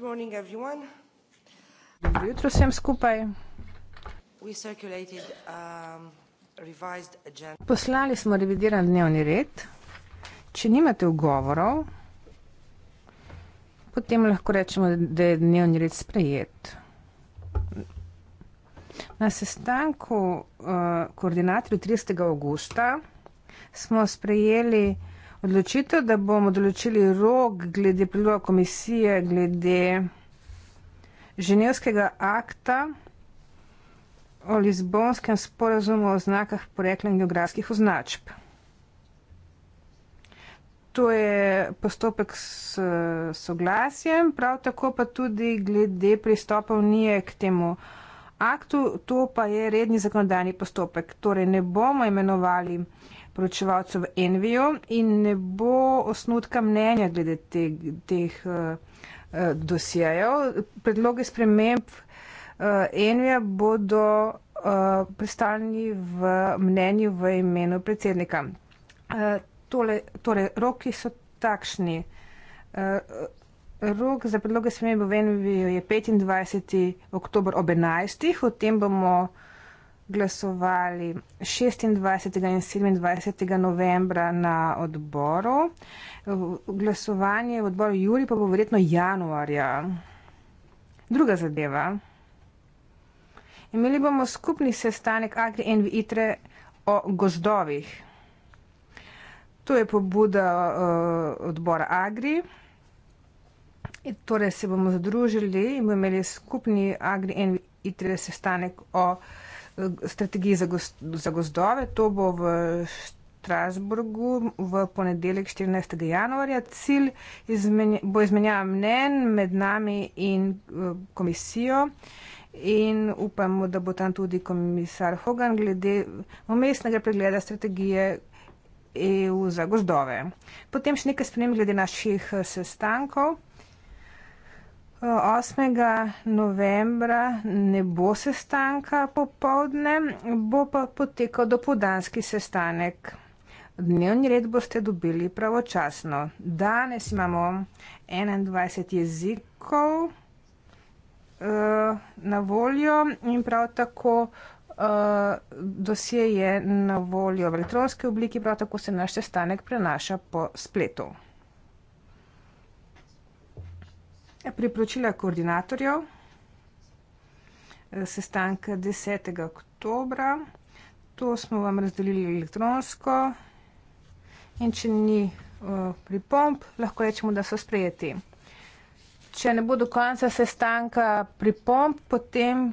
Dobro jutro vsem skupaj. Um, Poslali smo revidiran dnevni red. Če nimate ugovorov, potem lahko rečemo, da je dnevni red sprejet. Na sestanku uh, koordinatorju 30. avgusta smo sprejeli odločitev, da bomo določili rok glede priloga komisije, glede ženevskega akta o Lizbonskem sporazumu o znakah porekla in geografskih označb. To je postopek s soglasjem, prav tako pa tudi glede pristopa unije k temu aktu, to pa je redni zakonodajni postopek. Torej ne bomo imenovali uh, poročevalcev Envijo in ne bo osnutka mnenja glede te, teh uh, eh, eh, dosijajev. Predloge sprememb uh, Envija bodo uh, predstavljeni v mnenju v imenu predsednika. Uh, tole, torej, roki so takšni. Uh, Rok za predloge sprememb v Envijo je 25. oktober ob 11. O tem bomo glasovali 26. in 27. novembra na odboru. Glasovanje v odboru Juli pa bo verjetno januarja. Druga zadeva. Imeli bomo skupni sestanek Agri in Vitre o gozdovih. To je pobuda uh, odbora Agri. In torej se bomo združili in bomo imeli skupni Agri in Vitre sestanek o gozdovih strategiji za, gost, za gozdove. To bo v Strasburgu v ponedeljek 14. januarja. Cilj izmenja, bo izmenjava mnen med nami in komisijo in upamo, da bo tam tudi komisar Hogan glede omestnega pregleda strategije. EU za gozdove. Potem še nekaj spremem glede naših sestankov. 8. novembra ne bo sestanka popovdne, bo pa potekal dopodanski sestanek. Dnevni red boste dobili pravočasno. Danes imamo 21 jezikov eh, na voljo in prav tako eh, dosje je na voljo v elektronski obliki, prav tako se naš sestanek prenaša po spletu. Ja, priporočila koordinatorjev eh, sestanka 10. oktobra. To smo vam razdelili elektronsko in če ni eh, pripomp, lahko rečemo, da so sprejeti. Če ne bo do konca sestanka pripomp, potem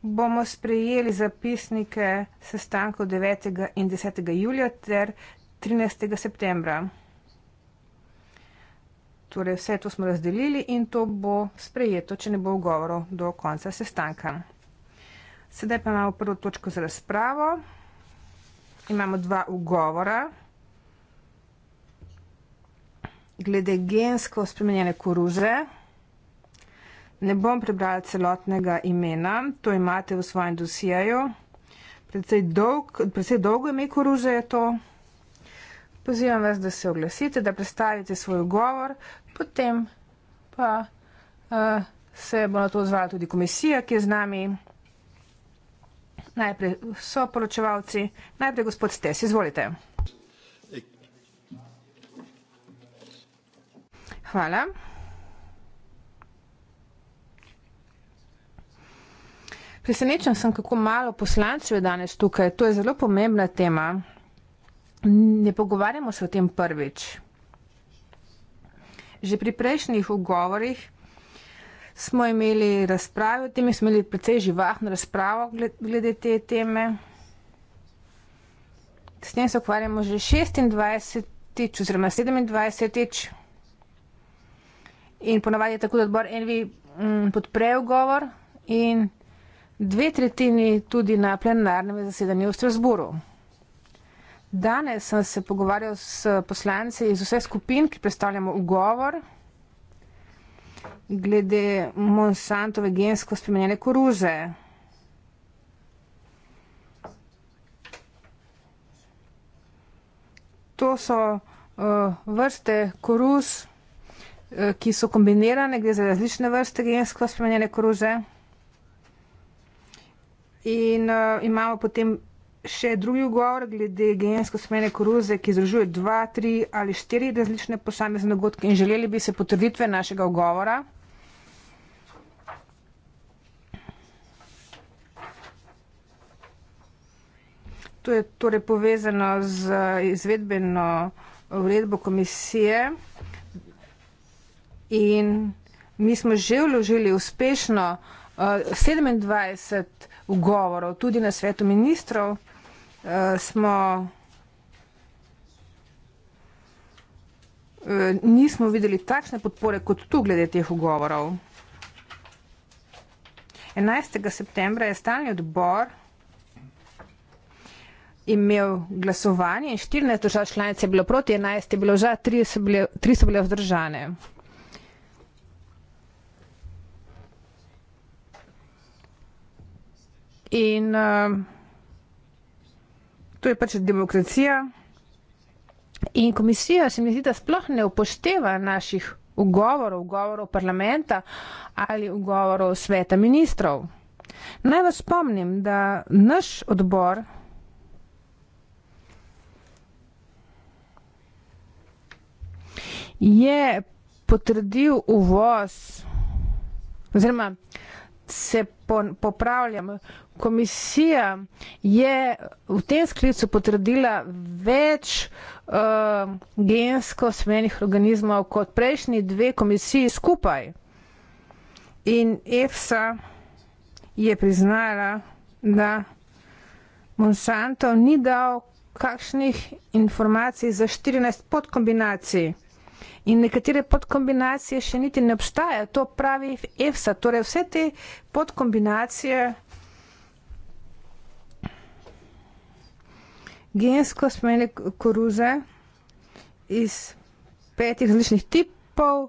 bomo sprejeli zapisnike sestankov 9. in 10. julija ter 13. septembra. Torej, vse to smo razdelili in to bo sprejeto, če ne bo ugovoro do konca sestanka. Sedaj pa imamo prvo točko za razpravo. Imamo dva ugovora glede gensko spremenjene koruze. Ne bom prebrala celotnega imena, to imate v svojem dosijaju. Predvsej dolg, dolgo ime koruze je to. Pozivam vas, da se oglasite, da predstavite svoj govor, potem pa uh, se bo na to odzvala tudi komisija, ki je z nami. Najprej so poročevalci, najprej gospod Stes, izvolite. Hvala. Presenečen sem, kako malo poslancev je danes tukaj. To je zelo pomembna tema ne pogovarjamo se o tem prvič. Že pri prejšnjih ugovorih smo imeli razpravo, o tem smo imeli precej živahno razpravo glede te teme. S tem se ukvarjamo že 26. oziroma 27. In ponavadi je tako, da odbor Envi mm, podpre ugovor in dve tretjini tudi na plenarnem zasedanju v Strasburu. Danes sem se pogovarjal s poslanci iz vseh skupin, ki predstavljamo ugovor glede Monsantove gensko spremenjene koruze. To so uh, vrste koruz, uh, ki so kombinirane, gre za različne vrste gensko spremenjene koruze. In uh, imamo potem še drugi ugovor glede gensko smene koruze, ki združuje dva, tri ali štiri različne posamezne dogodke in želeli bi se potrditve našega ugovora. To je torej povezano z izvedbeno vredbo komisije in mi smo že vložili uspešno 27 eh, ugovorov tudi na svetu ministrov, uh, smo, uh, nismo videli takšne podpore kot tu glede teh ugovorov. 11. septembra je stalni odbor imel glasovanje in 14 držav članic je bilo proti, 11 je bilo žal, 3 so bile, 3 so bile vzdržane. In uh, To je pač demokracija. In komisija se mi zdi, da sploh ne upošteva naših ugovorov, ugovorov parlamenta ali ugovorov sveta ministrov. Naj vas spomnim, da naš odbor. Je potrdil uvoz, oziroma se popravljamo. Komisija je v tem sklicu potrdila več uh, gensko smenjenih organizmov kot prejšnji dve komisiji skupaj. In EFSA je priznala, da Monsanto ni dal kakšnih informacij za 14 podkombinacij in nekatere podkombinacije še niti ne obstajajo, to pravi EFSA. Torej, vse te podkombinacije gensko spremenjene koruze iz petih različnih tipov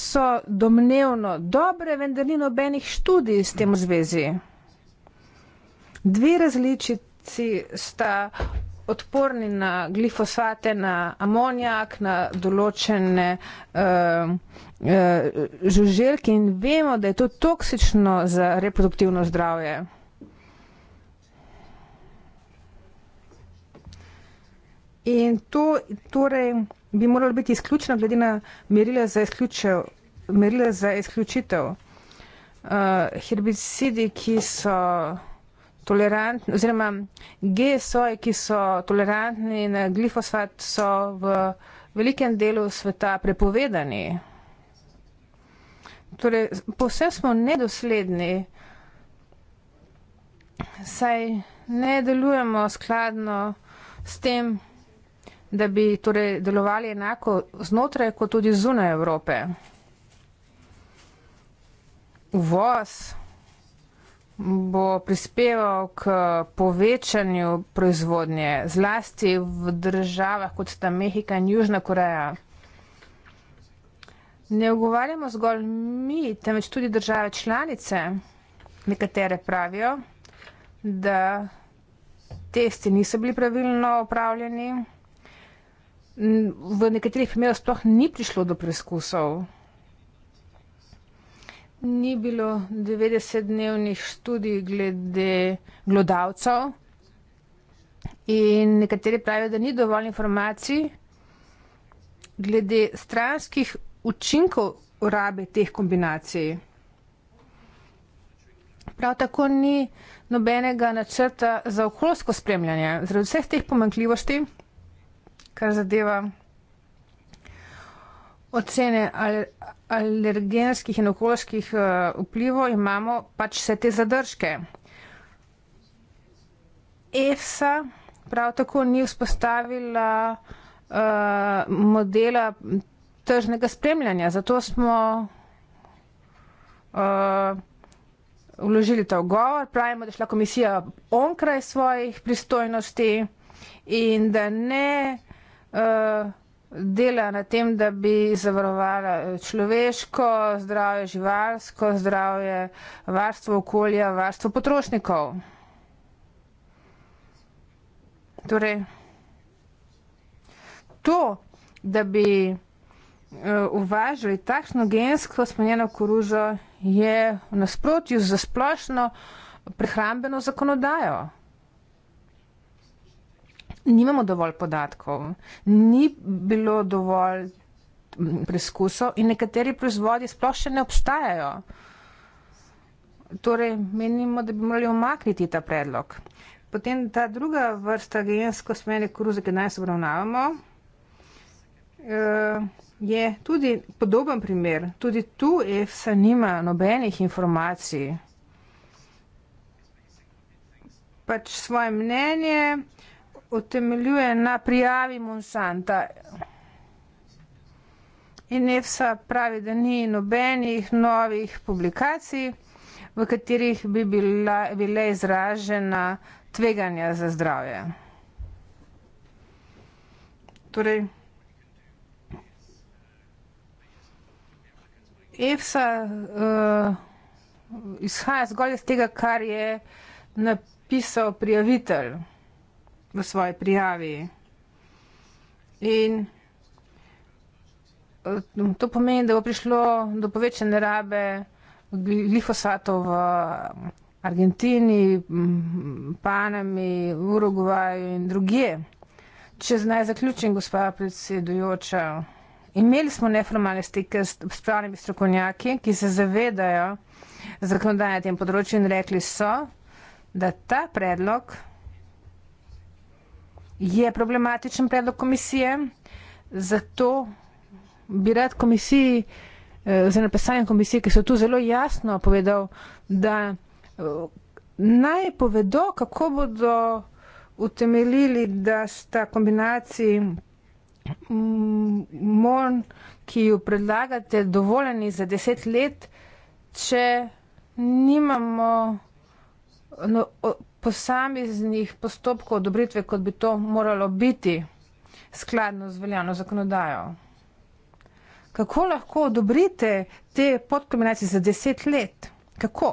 so domnevno dobre, vendar ni nobenih študij s tem v zvezi. Dve različici sta odporni na glifosate, na amonijak, na določene uh, uh, žuželke in vemo, da je to toksično za reproduktivno zdravje. In to torej, bi moralo biti izključeno glede na merila za, merila za izključitev. Uh, herbicidi, ki so tolerantni, oziroma GSO-ji, ki so tolerantni na glifosfat, so v velikem delu sveta prepovedani. Torej, posebno smo nedosledni, saj ne delujemo skladno s tem, da bi torej, delovali enako znotraj, kot tudi zunaj Evrope. Uvoz bo prispeval k povečanju proizvodnje, zlasti v državah kot sta Mehika in Južna Koreja. Ne ogovarjamo zgolj mi, temveč tudi države članice, nekatere pravijo, da testi niso bili pravilno opravljeni. V nekaterih primerih sploh ni prišlo do preizkusov ni bilo 90-dnevnih študij glede glodavcev in nekateri pravijo, da ni dovolj informacij glede stranskih učinkov rabe teh kombinacij. Prav tako ni nobenega načrta za okoljsko spremljanje. Zaradi vseh teh pomankljivosti, kar zadeva ocene alergenskih in okoljskih eh, vplivov imamo pač vse te zadržke. EFSA prav tako ni vzpostavila uh, modela tržnega spremljanja, zato smo uh, vložili ta ogovor. Pravimo, da je šla komisija onkraj svojih pristojnosti in da ne. Uh, dela na tem, da bi zavarovala človeško zdravje, živalsko zdravje, varstvo okolja, varstvo potrošnikov. Torej, to, da bi eh, uvažali takšno gensko spremenjeno koruzo, je v nasprotju z splošno prehrambeno zakonodajo nimamo dovolj podatkov, ni bilo dovolj mm, preizkusov in nekateri proizvodi sploh še ne obstajajo. Torej, menimo, da bi morali omakniti ta predlog. Potem ta druga vrsta gensko smene koruze, ki danes obravnavamo, eh, je tudi podoben primer. Tudi tu EFSA nima nobenih informacij. Pač svoje mnenje, utemeljuje na prijavi Monsanta. In EFSA pravi, da ni nobenih novih publikacij, v katerih bi bila, bile izražena tveganja za zdravje. Torej, EFSA uh, eh, izhaja zgolj iz tega, kar je napisal prijavitelj v svoji prijavi. In eh, to pomeni, da bo prišlo do povečene rabe glifosatov v eh, Argentini, mm, Panami, Urugvaju in drugje. Če zdaj zaključim, gospa predsedujoča, imeli smo neformalne stike s pravnimi strokovnjaki, ki se zavedajo zakonodaje na tem področju in rekli so, da ta predlog je problematičen predlog komisije, zato bi rad komisiji, eh, za napisanje komisije, ki so tu zelo jasno povedal, da eh, naj povedo, kako bodo utemeljili, da sta kombinaciji mm, MON, ki jo predlagate, dovoljeni za deset let, če nimamo no, posameznih postopkov odobritve, kot bi to moralo biti skladno z veljavno zakonodajo. Kako lahko odobrite te podkombinacije za deset let? Kako?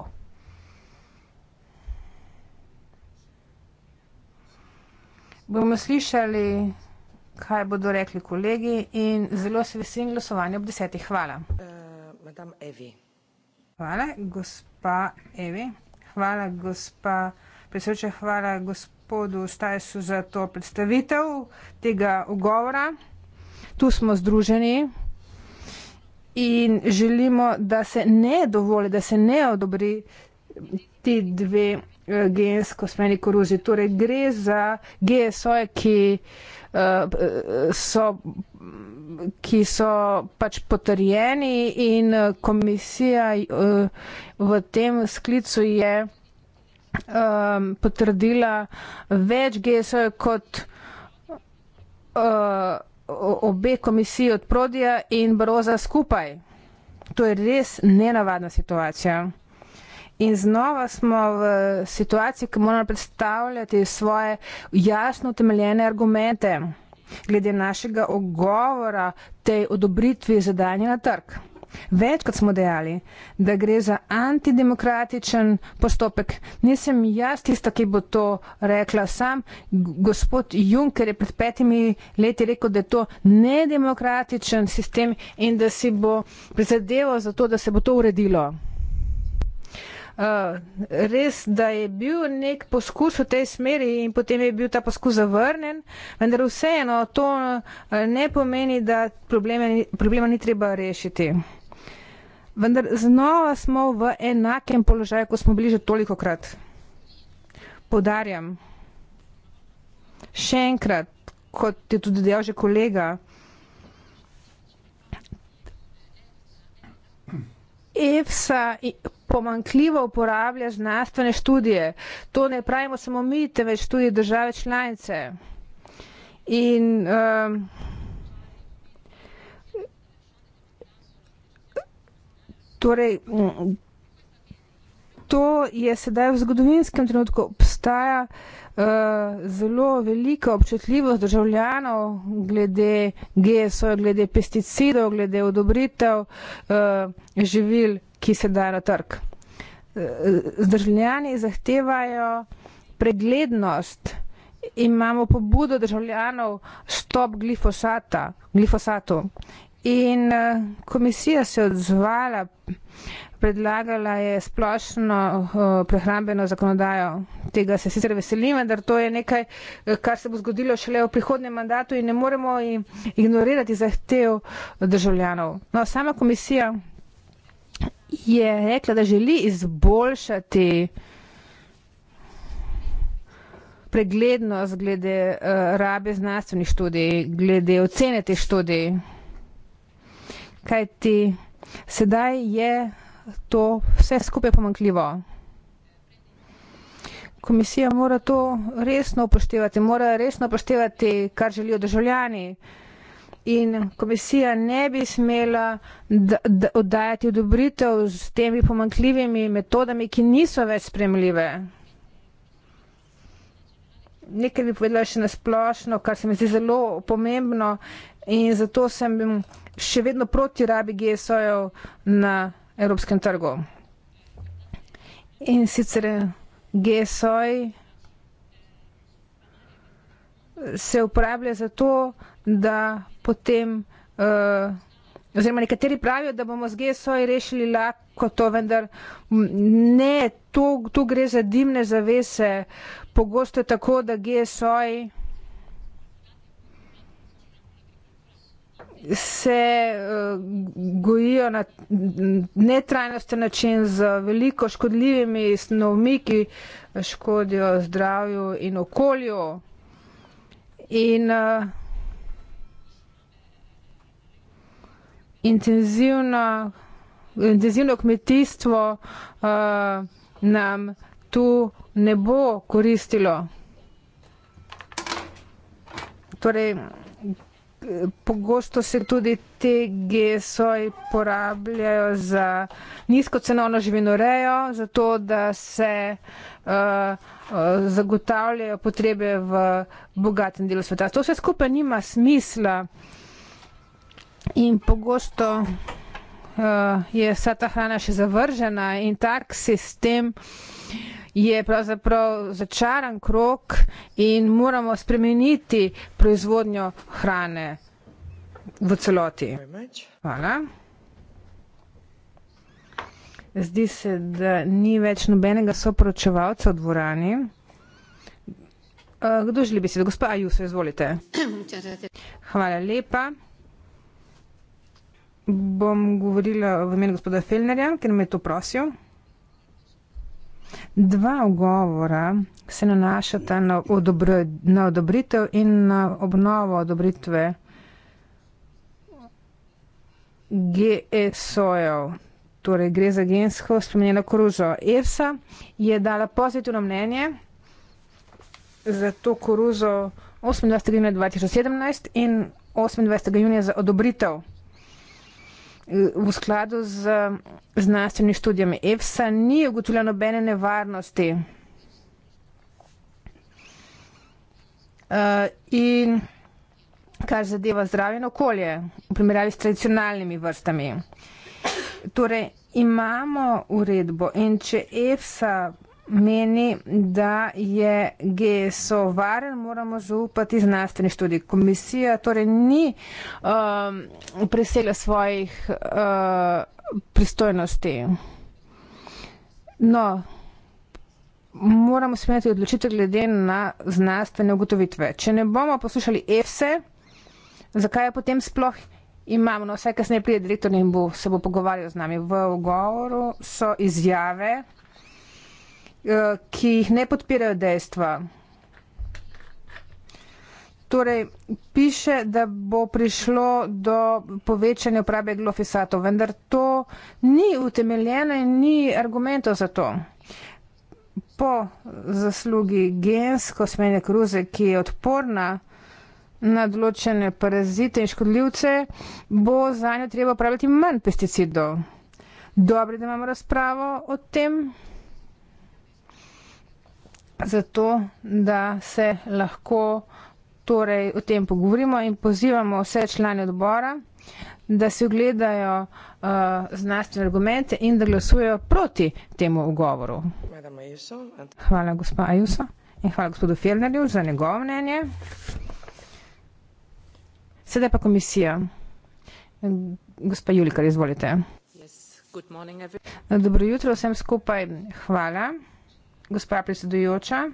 Bomo slišali, kaj bodo rekli kolegi in zelo se veselim glasovanja ob desetih. Hvala. Uh, Hvala, gospa Evi. Hvala, gospa. Presreče hvala gospodu Stajsu za to predstavitev tega ugovora. Tu smo združeni in želimo, da se ne dovoli, da se ne odobri ti dve eh, gensko smeni koruzi. Torej gre za GSO-je, ki, uh, ki so pač potrjeni in eh, komisija uh, v tem sklicu je um, potrdila več GSO-jev kot uh, obe komisiji od Prodija in Baroza skupaj. To je res nenavadna situacija. In znova smo v situaciji, ki moramo predstavljati svoje jasno utemeljene argumente glede našega ogovora tej odobritvi za danje na trg. Več kot smo dejali, da gre za antidemokratičen postopek, nisem jaz tista, ki bo to rekla sam. Gospod Juncker je pred petimi leti rekel, da je to nedemokratičen sistem in da si bo prizadeval za to, da se bo to uredilo. Uh, res, da je bil nek poskus v tej smeri in potem je bil ta poskus zavrnen, vendar vseeno to uh, ne pomeni, da problema ni, problema ni treba rešiti. Vendar znova smo v enakem položaju, kot smo bili že toliko krat. Podarjam, še enkrat, kot je tudi dejal že kolega, EFSA pomankljivo uporablja znanstvene študije. To ne pravimo samo mi, temveč tudi države članice. In um, Torej, to je sedaj v zgodovinskem trenutku obstaja uh, zelo velika občutljivost državljanov glede GSO, glede pesticidov, glede odobritev uh, živil, ki se da na trg. Uh, državljani zahtevajo preglednost. Imamo pobudo državljanov stop glifosata, glifosatu In uh, komisija se je odzvala, predlagala je splošno uh, prehrambeno zakonodajo. Tega se sicer veselim, vendar to je nekaj, eh, kar se bo zgodilo šele v prihodnem mandatu in ne moremo ignorirati zahtev državljanov. No, sama komisija je rekla, da želi izboljšati preglednost glede uh, rabe znanstvenih študij, glede ocene teh študij kajti sedaj je to vse skupaj pomankljivo. Komisija mora to resno upoštevati, mora resno upoštevati, kar želijo državljani. In komisija ne bi smela oddajati odobritev z temi pomankljivimi metodami, ki niso več spremljive. Nekaj bi povedala še nasplošno, kar se mi zdi zelo pomembno in zato sem bila še vedno proti rabi GSO-jev na evropskem trgu. In sicer GSO-ji se uporablja za to, da potem, uh, oziroma nekateri pravijo, da bomo z GSO-ji rešili lahko to, vendar ne, tu gre za dimne zavese. Pogosto je tako, da GSO-ji. se eh, gojijo na netrajnosten način z veliko škodljivimi snovmi, ki škodijo zdravju in okolju. In eh, intenzivno, intenzivno kmetijstvo eh, nam tu ne bo koristilo. Torej, pogosto se tudi te GSO-ji porabljajo za nizkocenovno živinorejo, zato da se uh, zagotavljajo potrebe v bogatem delu sveta. To vse skupaj nima smisla in pogosto uh, je vsa ta hrana še zavržena in tak sistem je pravzaprav začaran krok in moramo spremeniti proizvodnjo hrane v celoti. Hvala. Zdi se, da ni več nobenega soporočevalca v dvorani. Eh, kdo želi besedo? Gospa Ajuso, izvolite. Hvala lepa. Bom govorila v imenu gospoda Felnerja, ker me je to prosil. Dva ugovora se nanašata na, odobr, na odobritev in na obnovo odobritve GSO-jev, e torej gre za gensko spremenjeno koruzo. EFSA je dala pozitivno mnenje za to koruzo 28. junija 2017 in 28. junija za odobritev v skladu z znanstvenimi študijami EFSA ni ugotovljeno nobene nevarnosti. Uh, in kar zadeva zdravje in okolje, v primerjavi s tradicionalnimi vrstami. Torej, imamo uredbo in če EFSA meni, da je GSO varen, moramo zaupati znanstveni študij. Komisija torej ni um, presegla svojih uh, pristojnosti. No, moramo smeti odločitev glede na znanstvene ugotovitve. Če ne bomo poslušali EFSE, e, zakaj je potem sploh imamo, no vse kasneje pride direktor in bo, se bo pogovarjal z nami. V ogovoru so izjave, ki jih ne podpirajo dejstva. Torej, piše, da bo prišlo do povečanja uporabe glofisatov, vendar to ni utemeljeno in ni argumentov za to. Po zaslugi gensko smenje kruze, ki je odporna na določene parazite in škodljivce, bo za njo treba uporabljati manj pesticidov. Dobro, da imamo razpravo o tem zato, da se lahko torej o tem pogovorimo in pozivamo vse člane odbora, da se ogledajo uh, znanstvene argumente in da glasujejo proti temu ogovoru. Hvala gospa Ajuso in hvala gospodu Fjellnerju za njegovo mnenje. Sedaj pa komisija. Gospa Julika, izvolite. Yes. Dobro jutro vsem skupaj. Hvala gospa predsedujoča.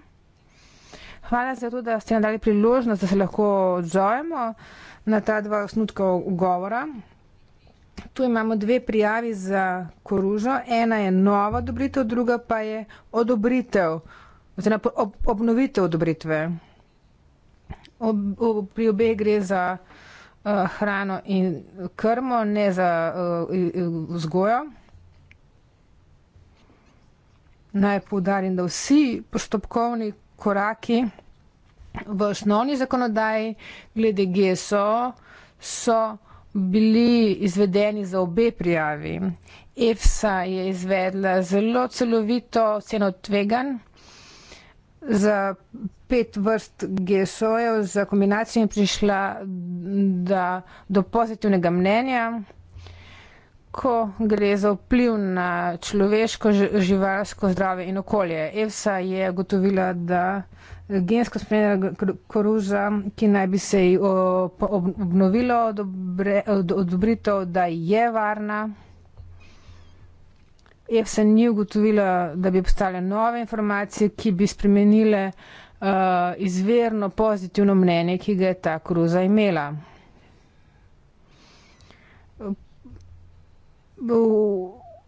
Hvala za to, da ste nam dali priložnost, da se lahko odzovemo na ta dva osnutka govora. Tu imamo dve prijavi za koružo. Ena je nova odobritev, druga pa je odobritev, oziroma ob, obnovitev odobritve. Ob, ob, pri obeh gre za uh, hrano in krmo, ne za uh, vzgojo naj povdarim, da vsi postopkovni koraki v osnovni zakonodaji glede GSO so bili izvedeni za obe prijavi. EFSA je izvedla zelo celovito ceno tvegan za pet vrst GSO-jev, za kombinacijo je prišla da, do pozitivnega mnenja ko gre za vpliv na človeško, živalsko zdrave in okolje. EFSA je gotovila, da gensko spremenjena koruza, ki naj bi se ji obnovilo odobritev, da je varna. EFSA ni ugotovila, da bi postale nove informacije, ki bi spremenile uh, eh, izverno pozitivno mnenje, ki ga je ta koruza imela. V,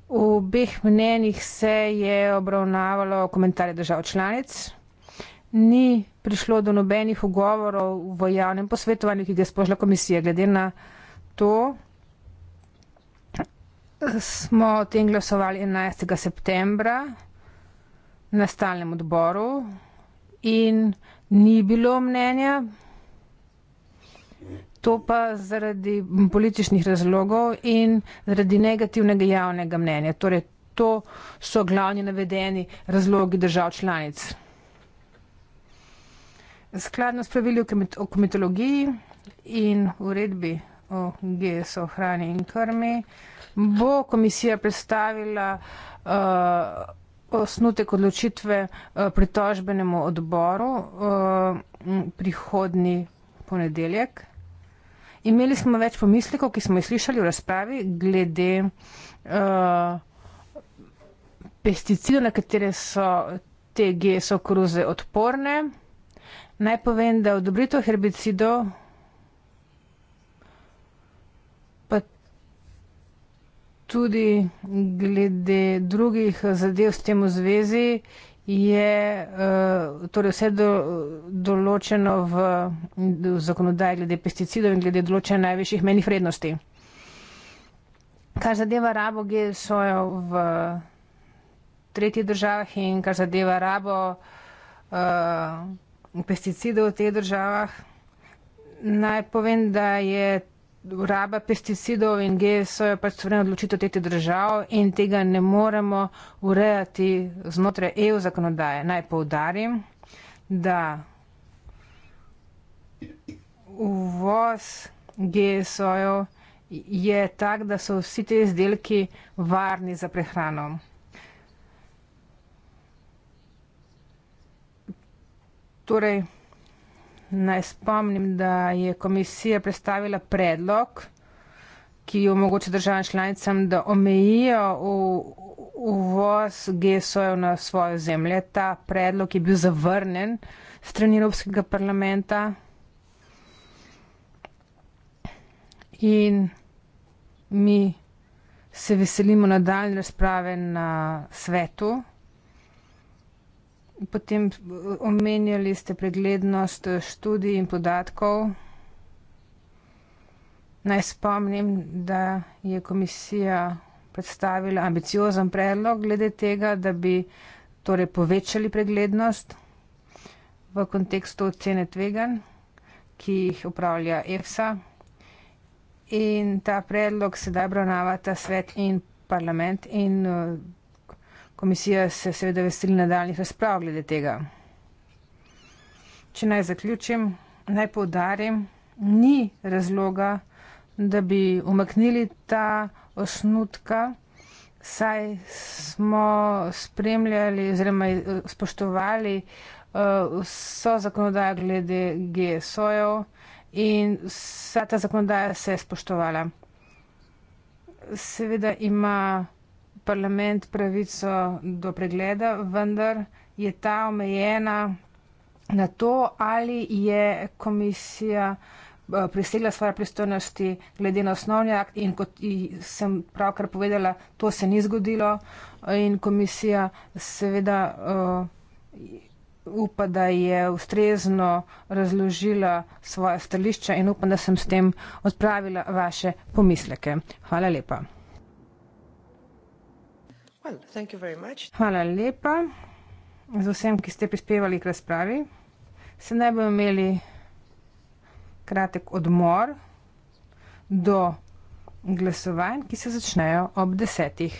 v obeh mnenjih se je obravnavalo komentarje držav članic. Ni prišlo do nobenih ugovorov v javnem posvetovanju, ki ga je spožila komisija. Glede na to smo o tem glasovali 11. septembra na stalnem odboru in ni bilo mnenja to pa zaradi političnih razlogov in zaradi negativnega javnega mnenja. Torej, to so glavni navedeni razlogi držav članic. Skladno s pravili o komitologiji in uredbi o GSO hrani in krmi bo komisija predstavila uh, osnutek odločitve uh, pritožbenemu odboru uh, eh, prihodni ponedeljek. Imeli smo več pomislekov, ki smo jih slišali v razpravi, glede uh, eh, pesticidov, na katere so te geso kruze odporne. Naj povem, da odobritev herbicidov, pa tudi glede drugih zadev s tem v zvezi, je eh, torej vse do, določeno v, v zakonodaji glede pesticidov in glede določenja najvišjih menjih vrednosti. Kar zadeva rabo GSO-ja v tretjih državah in kar zadeva rabo uh, pesticidov v teh državah, naj povem, da je raba pesticidov in GSO je pač suverena odločitev tete držav in tega ne moremo urejati znotraj EU zakonodaje. Naj poudarim, da uvoz GSO-jev je tak, da so vsi te izdelki varni za prehrano. Torej, naj spomnim, da je komisija predstavila predlog, ki omogoča državam članicam, da omejijo uvoz GSO-jev na svojo zemlje. Ta predlog je bil zavrnen strani Evropskega parlamenta. In mi se veselimo nadaljne razprave na svetu. Potem eh, omenjali ste preglednost eh, študij in podatkov. Naj spomnim, da je komisija predstavila ambiciozen predlog glede tega, da bi torej povečali preglednost v kontekstu ocene tvegan, ki jih upravlja EFSA. In ta predlog sedaj obravnava ta svet in parlament in uh, Komisija se seveda veseli nadaljnih razprav glede tega. Če naj zaključim, naj povdarim, ni razloga, da bi umaknili ta osnutka, saj smo spremljali oziroma eh, spoštovali eh, vso zakonodajo glede GSO-jev in vsa ta zakonodaja se je spoštovala. Seveda ima parlament pravico do pregleda, vendar je ta omejena na to, ali je komisija eh, presegla svoje pristojnosti glede na osnovni akt in kot sem pravkar povedala, to se ni zgodilo in komisija seveda eh, upa, da je ustrezno razložila svoje stališče in upa, da sem s tem odpravila vaše pomisleke. Hvala lepa. Hvala lepa z vsem, ki ste prispevali k razpravi. Se naj bomo imeli kratek odmor do glasovanj, ki se začnejo ob desetih.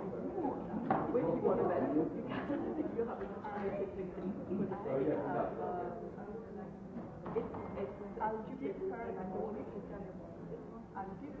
which one of them you have an eye it's, it's algebra and all it's and give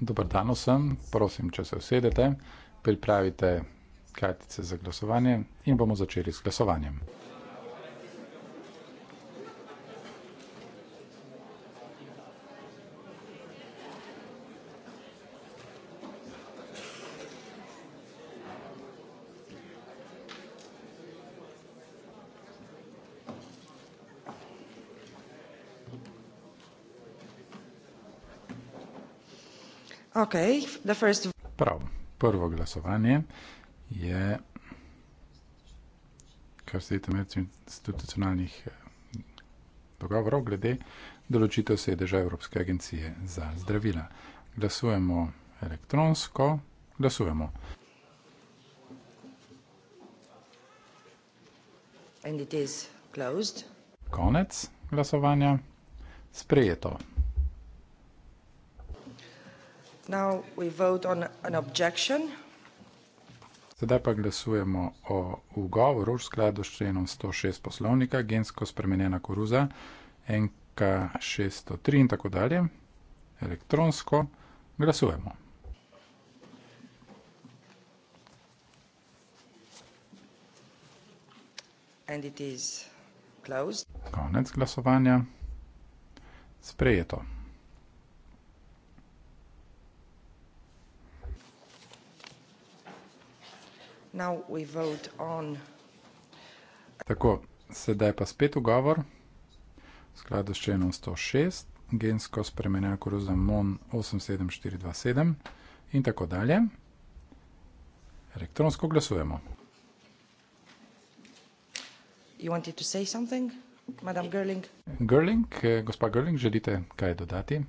Dobro dan vsem, prosim, če se usedete, pripravite kartice za glasovanje in bomo začeli s glasovanjem. Okay, the first... Prav, prvo glasovanje je, kar se tiče medinstitucionalnih eh, dogovorov, glede določitev sedeža Evropske agencije za zdravila. Glasujemo elektronsko, glasujemo. Konec glasovanja. Sprejeto. Sedaj pa glasujemo o ugovoru v skladu s členom 106 poslovnika, gensko spremenjena koruza, NK603 in tako dalje. Elektronsko glasujemo. Konec glasovanja. Sprejeto. Now we vote on. Tako, sedaj pa spet ugovor. V skladu s členom 106, gensko spremenjen koruza MON 87427 in tako dalje. Elektronsko glasujemo. Gerling? Gerling, eh, gospa Gerling, želite kaj dodati?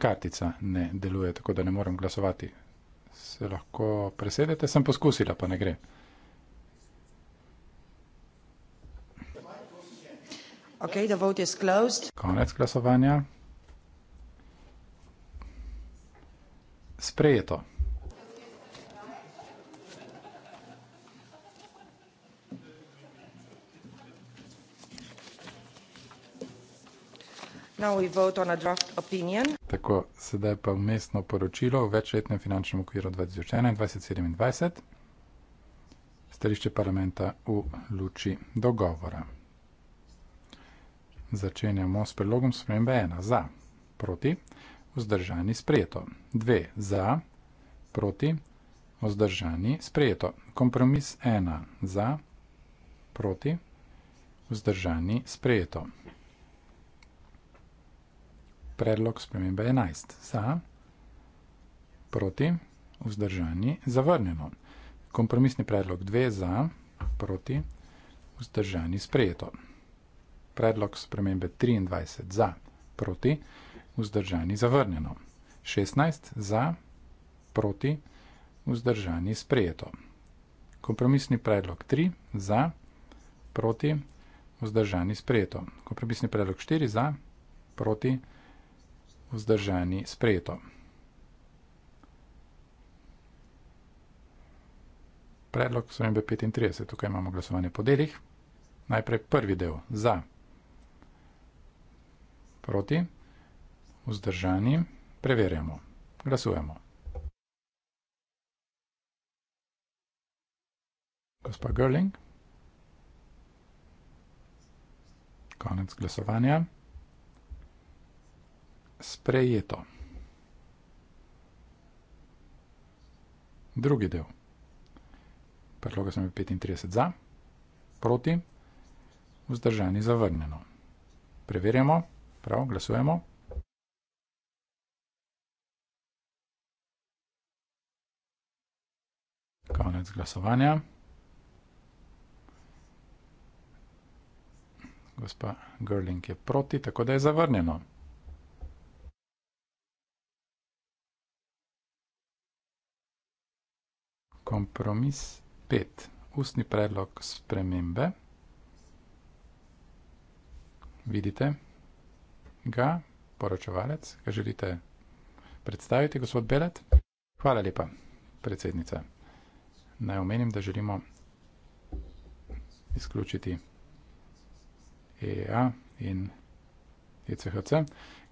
Kartica ne deluje, tako da ne morem glasovati se lahko presedete, sem poskusila, pa ne gre. Okay, Konec glasovanja. Sprejeto. Tako, sedaj pa umestno poročilo o večletnem finančnem okviru 2021-2027, stališče parlamenta v luči dogovora. Začenjamo s predlogom spremembe 1 za, proti, vzdržani sprejeto. 2 za, proti, vzdržani sprejeto. Kompromis 1 za, proti, vzdržani sprejeto predlog spremembe 11. Za, proti, vzdržani, zavrnjeno. Kompromisni predlog 2 za, proti, vzdržani, sprejeto. Predlog spremembe 23 za, proti, vzdržani, zavrnjeno. 16 za, proti, vzdržani, sprejeto. Kompromisni predlog 3 za, proti, vzdržani, sprejeto. Kompromisni predlog 4 za, proti, vzdržani, sprejeto vzdržani sprejeto. Predlog so imbe 35, tukaj imamo glasovanje po delih. Najprej prvi del, za, proti, vzdržani, preverjamo, glasujemo. Gospa Görling, konec glasovanja sprejeto. Drugi del. Predloga sem je 35 za, proti, vzdržani zavrnjeno. Preverjamo, prav, glasujemo. Konec glasovanja. Gospa Gerling je proti, tako da je zavrnjeno. kompromis 5. Ustni predlog spremembe. Vidite ga, poročevalec, ga želite predstaviti, gospod Belet? Hvala lepa, predsednica. Naj omenim, da želimo izključiti EA in ECHC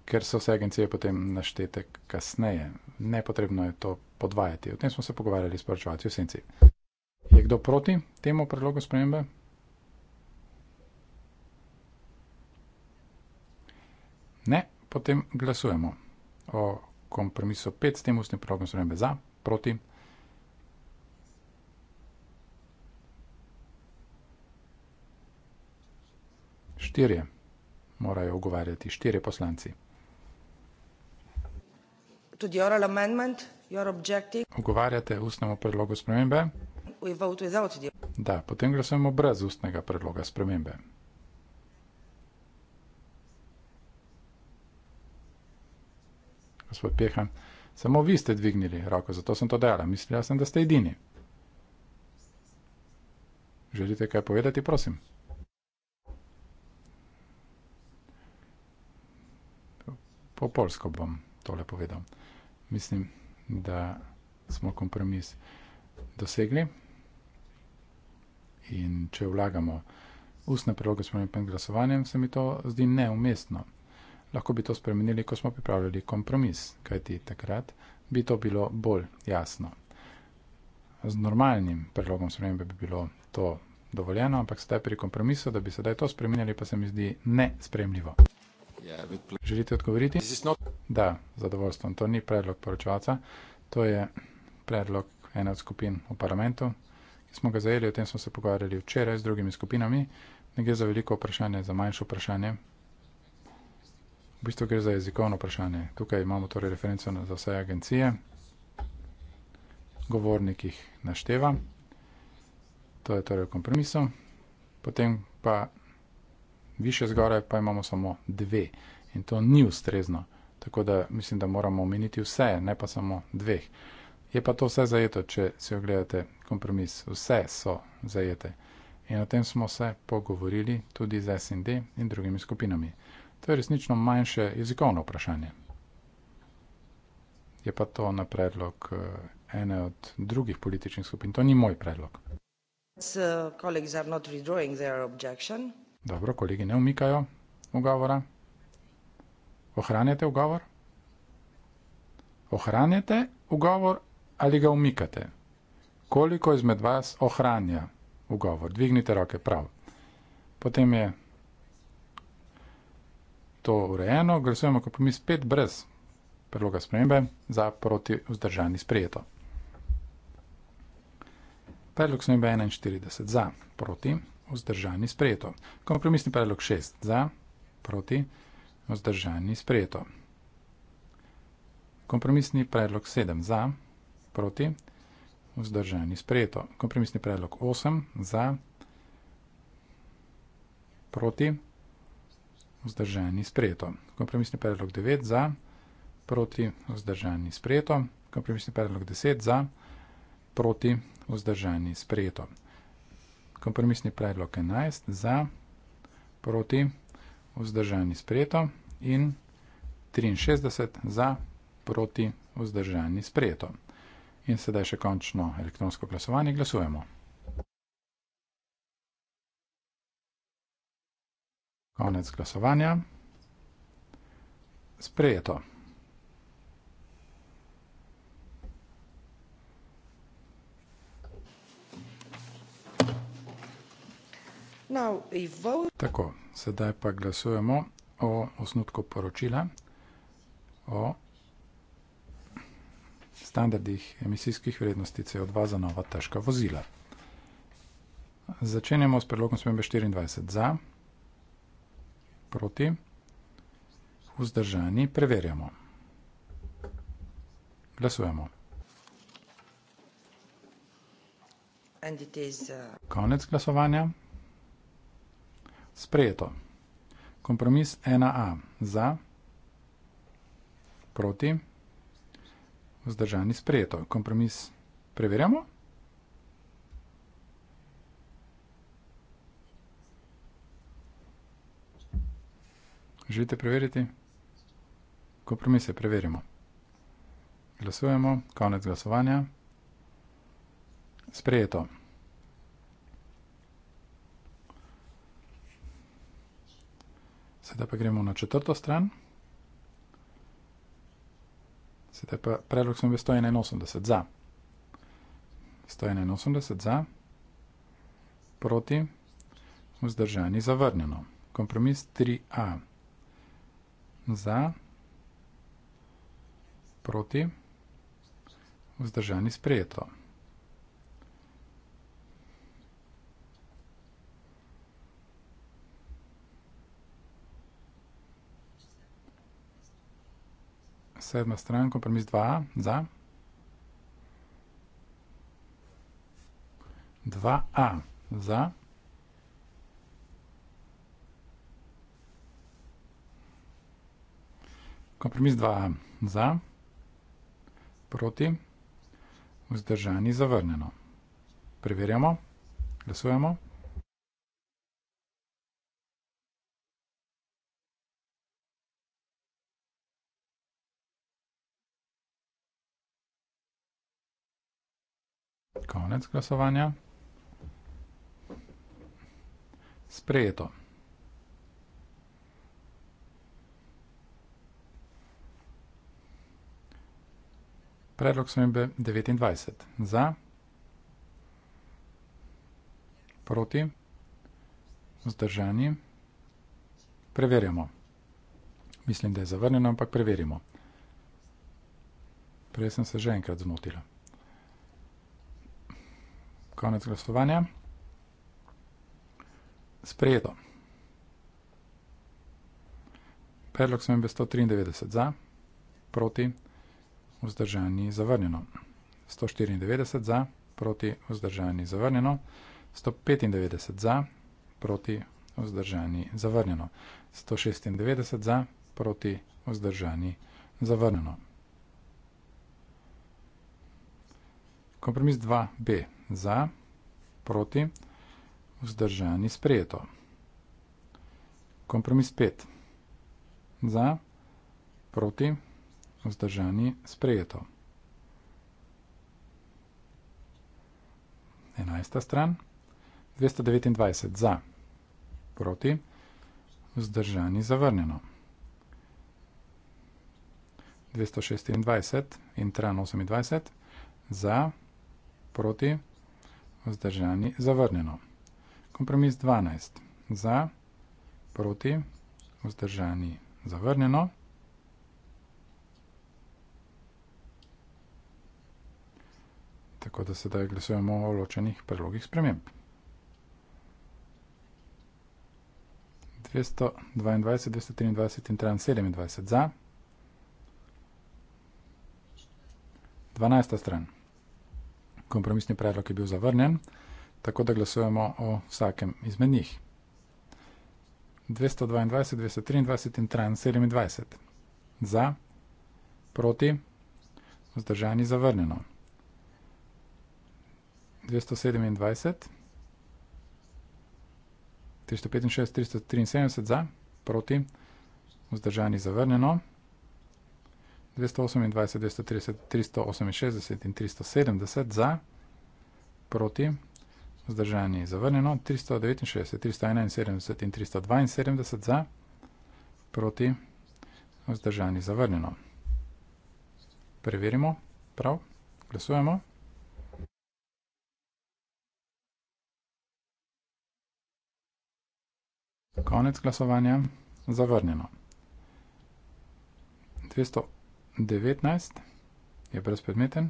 ker so vse agencije potem naštete kasneje. Nepotrebno je to podvajati. O tem smo se pogovarjali s poročevalci v senci. Je kdo proti temu predlogu spremembe? Ne, potem glasujemo o kompromisu 5 s tem ustnim predlogom spremembe za, proti. Štirje morajo ogovarjati štirje poslanci tudi oral amendment, your objective. Ogovarjate ustnemu predlogu spremembe? We vote without the... Da, potem glasujemo brez ustnega predloga spremembe. Gospod Pehan, samo vi ste dvignili roko, zato sem to dejala. Mislila sem, da ste edini. Želite kaj povedati, prosim? Po polsko bom tole povedal mislim, da smo kompromis dosegli. In če vlagamo ustne predloge s premijem pred glasovanjem, se mi to zdi neumestno. Lahko bi to spremenili, ko smo pripravljali kompromis, kajti takrat bi to bilo bolj jasno. Z normalnim predlogom spremembe bi bilo to dovoljeno, ampak sedaj pri kompromisu, da bi sedaj to spremenili, pa se mi zdi nespremljivo. Želite odgovoriti? Da, zadovoljstvo. To ni predlog poročevalca, to je predlog ene od skupin v parlamentu, ki smo ga zajeli, o tem smo se pogovarjali včeraj z drugimi skupinami. Ne gre za veliko vprašanje, za manjše vprašanje. V bistvu gre za jezikovno vprašanje. Tukaj imamo torej referenco za vse agencije, govornik jih našteva. To je torej kompromiso. Potem pa Više zgoraj pa imamo samo dve in to ni ustrezno. Tako da mislim, da moramo omeniti vse, ne pa samo dveh. Je pa to vse zajeto, če si ogledate kompromis. Vse so zajete. In o tem smo se pogovorili tudi z SND in drugimi skupinami. To je resnično manjše jezikovno vprašanje. Je pa to na predlog eh, ene od drugih političnih skupin. To ni moj predlog. Kolegi so ne odvijali svoje objekcije. Dobro, kolegi ne umikajo ugovora. Ohranjate ugovor? Ohranjate ugovor ali ga umikate? Koliko izmed vas ohranja ugovor? Dvignite roke, prav. Potem je to urejeno, glasujemo kot pomis spet brez predloga spremembe za proti vzdržani sprejeto. Predlog spremembe 41 za proti vzdržani sprejeto. Kompromisni predlog 6 za, proti, vzdržani sprejeto. Kompromisni predlog 7 za, proti, vzdržani sprejeto. Kompromisni predlog 8 za, proti, vzdržani sprejeto. Kompromisni predlog 9 za, proti, vzdržani sprejeto. Kompromisni predlog 10 za, proti, vzdržani sprejeto kompromisni predlog 11 za, proti, vzdržani sprejeto in 63 za, proti, vzdržani sprejeto. In sedaj še končno elektronsko glasovanje glasujemo. Konec glasovanja. Sprejeto. Tako, sedaj pa glasujemo o osnutku poročila, o standardih emisijskih vrednosti CO2 za nova težka vozila. Začenjamo s predlogom smembe 24 za, proti, vzdržani, preverjamo. Glasujemo. Uh, Konec glasovanja. Sprejeto. Kompromis 1A za, proti, vzdržani sprejeto. Kompromis preverjamo. Želite preveriti? Kompromise preverimo. Glasujemo, konec glasovanja. Sprejeto. Sedaj pa gremo na četrto stran. Sedaj pa predlog smo bili 181 za. 181 za, proti, vzdržani, zavrnjeno. Kompromis 3a za, proti, vzdržani, sprejeto. sedma stran, kompromis 2, za. 2a za. Kompromis 2a za. Proti. Vzdržani zavrnjeno. Preverjamo. Glasujemo. Konec glasovanja. Sprejeto. Predlog sem 29. Za. Proti. Zdržani. Preverjamo. Mislim, da je zavrnjeno, ampak preverimo. Prej sem se že enkrat zmotila. Konec glasovanja. Sprejeto. Predlog sem imel 193 za, proti, vzdržani, zavrnjeno. 194 za, proti, vzdržani, zavrnjeno. 195 za, proti, vzdržani, zavrnjeno. 196 za, proti, vzdržani, zavrnjeno. Kompromis 2b za, proti, vzdržani, sprejeto. Kompromis 5. Za, proti, vzdržani, sprejeto. Enajsta stran. 229. Za, proti, vzdržani, zavrnjeno. 226. Intran 28. Za, proti, vzdržani, sprejeto vzdržani, zavrnjeno. Kompromis 12. Za, proti, vzdržani, zavrnjeno. Tako da sedaj glasujemo o ločenih predlogih sprememb. 222, 223 in 327 za. 12. stran. Kompromisni predlog je bil zavrnjen, tako da glasujemo o vsakem izmed njih. 222, 223 in 327. Za, proti, vzdržani, zavrnjeno. 227, 365, 373 za, proti, vzdržani, zavrnjeno. 228, 230, 368 in 370 za, proti, vzdržanje je zavrnjeno, 369, 371 in 372 za, proti, vzdržanje je zavrnjeno. Preverimo, prav, glasujemo. Konec glasovanja, zavrnjeno. 200. 19 je brezpredmeten.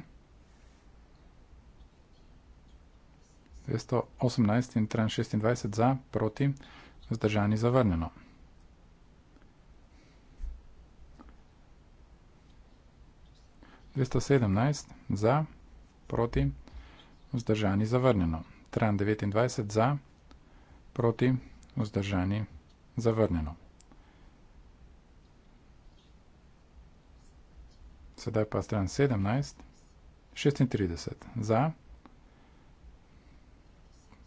218 in 326 za, proti, zdržani zavrnjeno. Dvesto sedemnajst za, proti, vzdržani zavrnjeno. Tran devetindvajset za, proti, vzdržani zavrnjeno. sedaj pa stran 17, 36 za,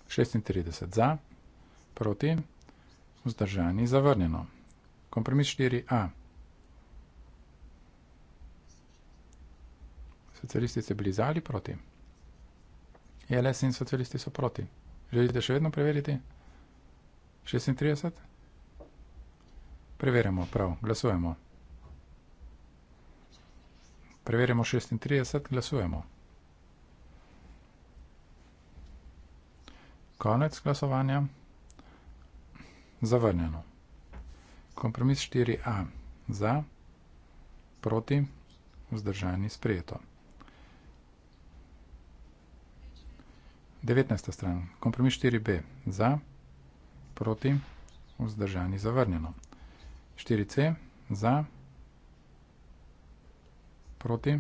36 za, proti, vzdržani, zavrnjeno. Kompromis 4a. Socialisti ste bili za ali proti? LS in socialisti so proti. Želite še vedno preveriti? 36? Preverjamo prav, glasujemo. 36. Preverimo 36, glasujemo. Konec glasovanja. Zavrnjeno. Kompromis 4a. Za, proti, vzdržani, sprejeto. 19. stran. Kompromis 4b. Za, proti, vzdržani, zavrnjeno. 4c. Za, proti, vzdržani, sprejeto. Proti?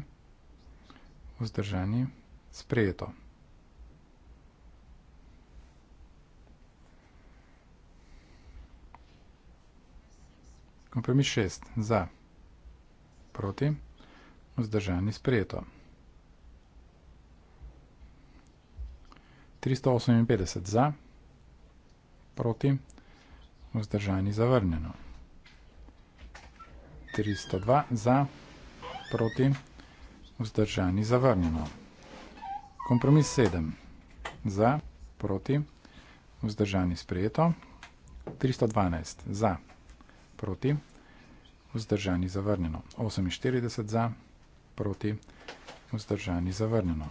Vzdržani? Sprejeto. Kompromis šest. Za. Proti? Vzdržani? Sprejeto. 358 za, proti, vzdržani zavrnjeno. 302 za, proti proti, vzdržani, zavrnjeno. Kompromis 7, za, proti, vzdržani, sprejeto. 312, za, proti, vzdržani, zavrnjeno. 48, za, proti, vzdržani, zavrnjeno.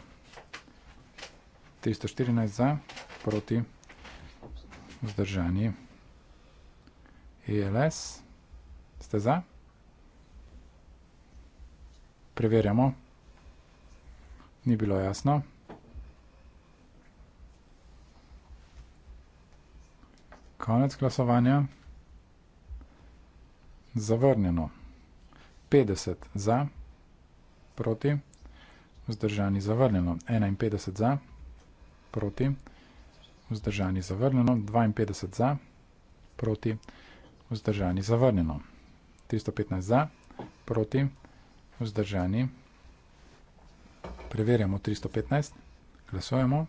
314, za, proti, vzdržani, ELS, ste za? Za. Preverjamo. Ni bilo jasno. Konec glasovanja. Zavrnjeno. 50 za, proti, vzdržani zavrnjeno. 51 za, proti, vzdržani zavrnjeno. 52 za, proti, vzdržani zavrnjeno. 315 za, proti, vzdržani zavrnjeno vzdržani. Preverjamo 315, glasujemo.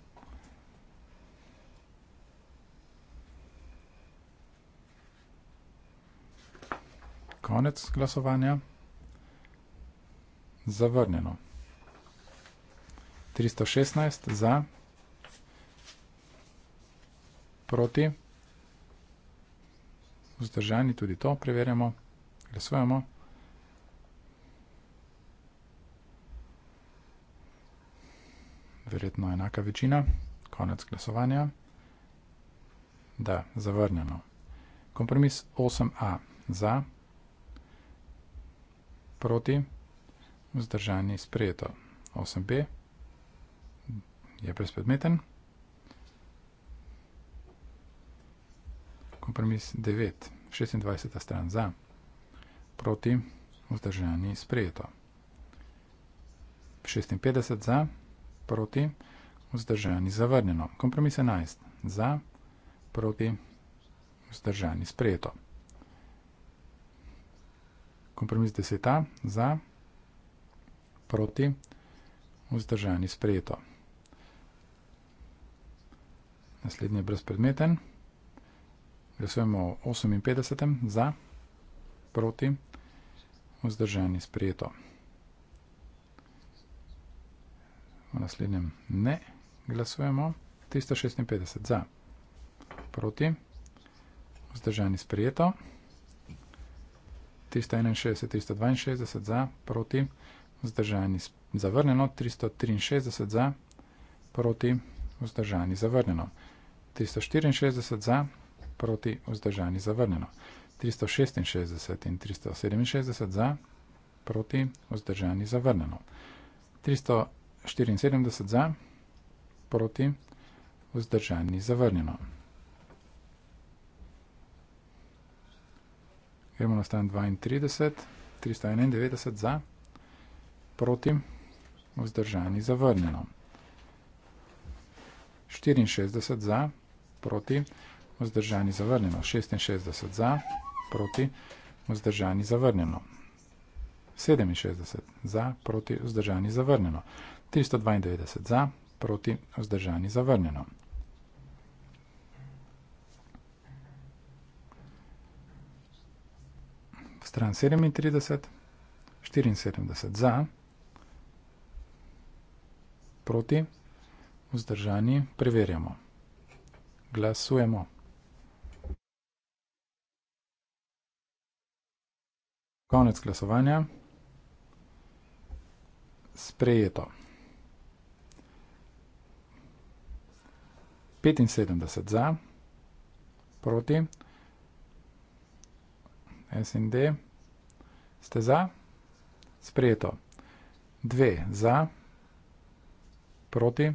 Konec glasovanja. Zavrnjeno. 316 za, proti, vzdržani tudi to, preverjamo, glasujemo. verjetno enaka večina, konec glasovanja. Da, zavrnjeno. Kompromis 8a za, proti, vzdržani sprejeto. 8b je brezpredmeten. Kompromis 9, 26. stran za, proti, vzdržani sprejeto. 56 za, proti, proti, vzdržani zavrnjeno. Kompromis 11. Za, proti, vzdržani sprejeto. Kompromis 10. Za, proti, vzdržani sprejeto. Naslednji je brezpredmeten. Glasujemo o 58. Za, proti, vzdržani sprejeto. V naslednjem ne glasujemo. 356 za. Proti. Vzdržani sprijeto. 361, 362 za. Proti. Vzdržani zavrnjeno. 363 za. Proti. Vzdržani zavrnjeno. 364 za. Proti. Vzdržani zavrnjeno. 366 in 367 za. Proti. Vzdržani zavrnjeno. 300 74 za, proti, vzdržani, zavrnjeno. Gremo na stan 32, 391 za, proti, vzdržani, zavrnjeno. 64 za, proti, vzdržani, zavrnjeno. 66 za, proti, vzdržani, zavrnjeno. 67 za, proti, vzdržani, zavrnjeno. 392 za, proti vzdržani zavrnjeno. Stran 37, 74 za, proti vzdržani preverjamo. Glasujemo. Konec glasovanja. Sprejeto. 75 za, proti, S in D, ste za, sprejeto, 2 za, proti,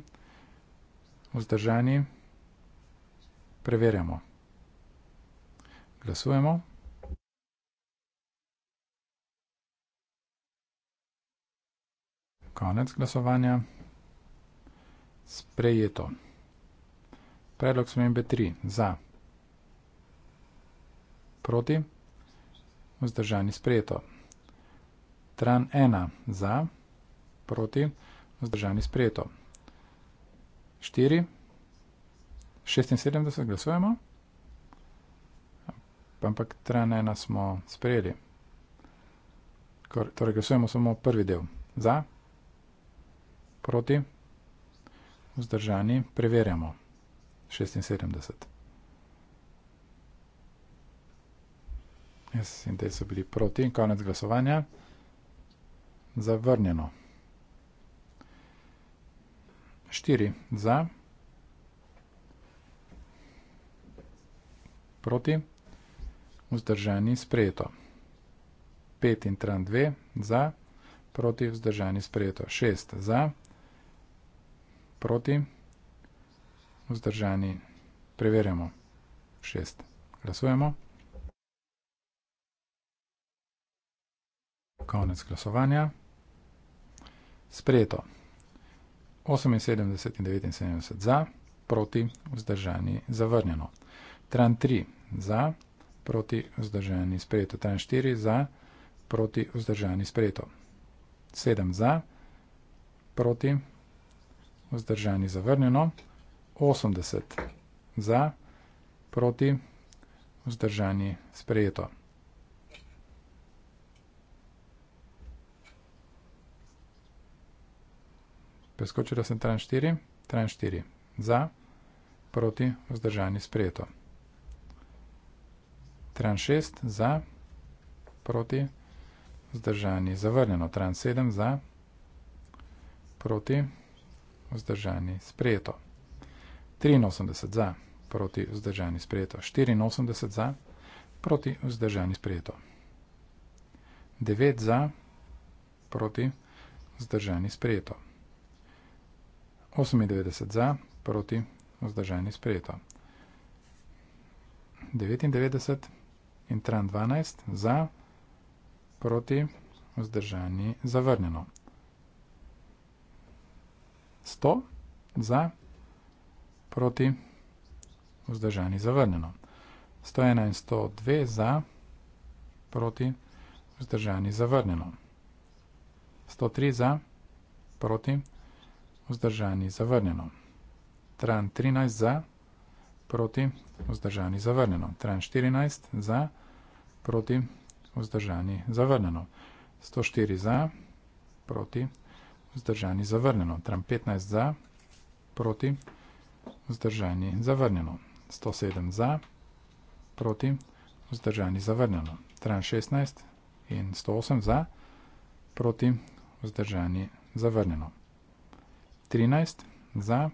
vzdržani, preverjamo. Glasujemo. Konec glasovanja. Sprejeto. Predlog smembe 3. Za. Proti. Vzdržani sprejeto. Tran 1. Za. Proti. Vzdržani sprejeto. 4. 76 glasujemo. Ampak tran 1 smo sprejeli. Torej glasujemo samo prvi del. Za. Proti. Vzdržani preverjamo. 76. Jaz in te so bili proti in konec glasovanja zavrnjeno. 4 za, proti, vzdržani sprejeto. 5 in tran 2 za, proti, vzdržani sprejeto. 6 za, proti, vzdržani sprejeto vzdržani. Preverjamo. Šest. Glasujemo. Konec glasovanja. Sprejeto. 78 in 79 za, proti vzdržani zavrnjeno. Tran 3 za, proti vzdržani sprejeto. Tran 4 za, proti vzdržani sprejeto. 7 za, proti vzdržani zavrnjeno. 80 za, proti, vzdržani, sprejeto. Preskočila sem tran 4, tran 4 za, proti, vzdržani, sprejeto. Tran 6 za, proti, vzdržani, zavrnjeno. Tran 7 za, proti, vzdržani, sprejeto. 83 za, proti vzdržani sprejeto 84 za, proti vzdržani sprejeto 9 za, proti vzdržani sprejeto 98 za, proti vzdržani sprejeto 99 in 312 za, proti vzdržani zavrnjeno 100 za, proti proti, vzdržani zavrnjeno. 101 in 102 za, proti, vzdržani zavrnjeno. 103 za, proti, vzdržani zavrnjeno. Tran 13 za, proti, vzdržani zavrnjeno. Tran 14 za, proti, vzdržani zavrnjeno. 104 za, proti, vzdržani zavrnjeno. Tran 15 za, proti, vzdržani zavrnjeno vzdržani, zavrnjeno. 107 za, proti, vzdržani, zavrnjeno. 16 in 108 za, proti, vzdržani, zavrnjeno. 13 za,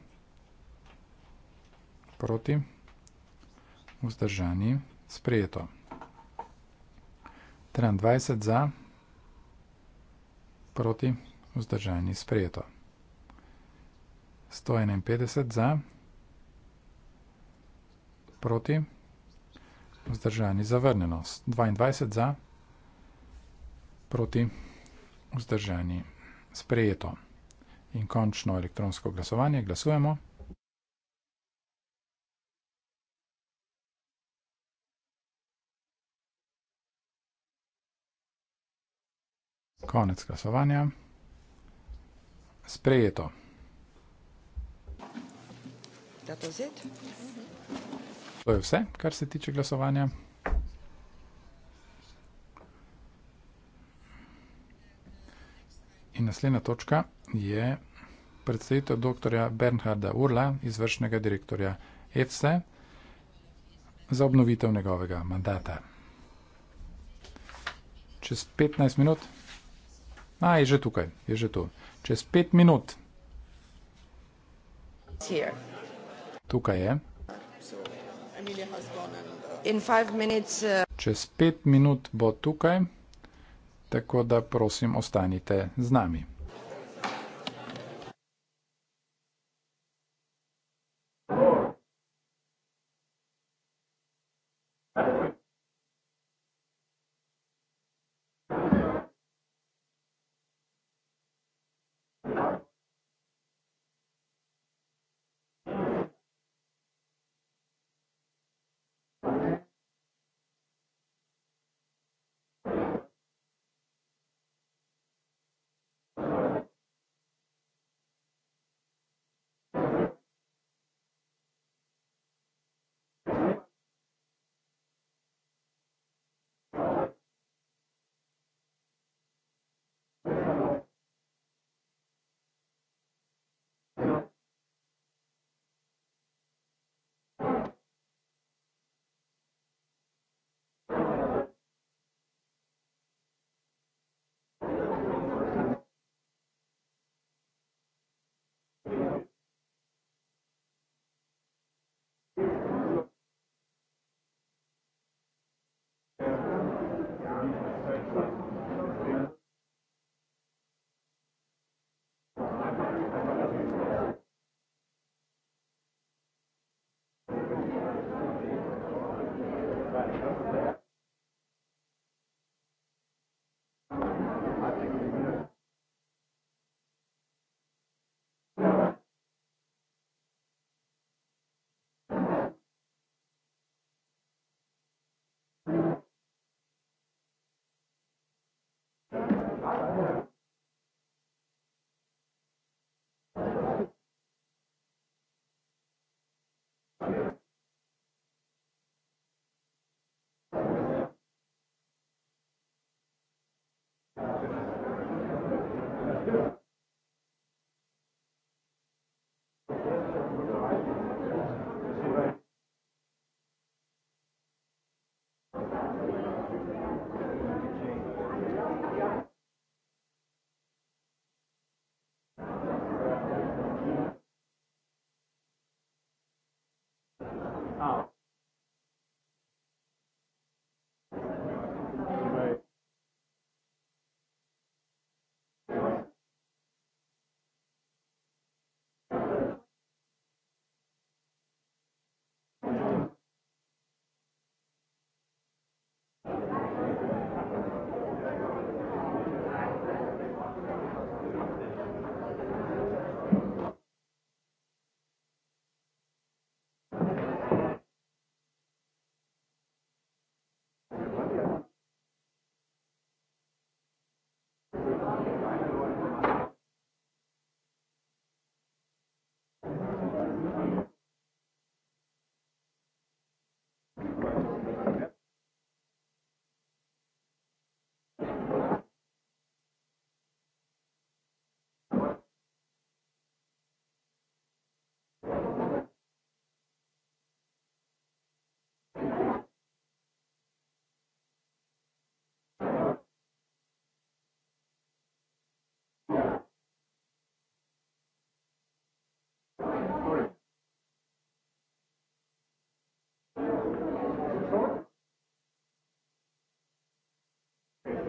proti, vzdržani, sprejeto. 23 za, proti, vzdržani, sprejeto. 151 za, proti, vzdržani, sprejeto proti, vzdržani zavrnjeno, 22 za, proti, vzdržani sprejeto. In končno elektronsko glasovanje, glasujemo. Konec glasovanja, sprejeto. That was it. Mm -hmm. To je vse, kar se tiče glasovanja. In naslednja točka je predsedstvo dr. Bernharda Urla, izvršnega direktorja EFSE, za obnovitev njegovega mandata. Čez 15 minut. A, je že tukaj, je že tu. Čez 5 minut. Tukaj je. Uh, uh, Čez pet minut bo tukaj, tako da prosim, ostanite z nami.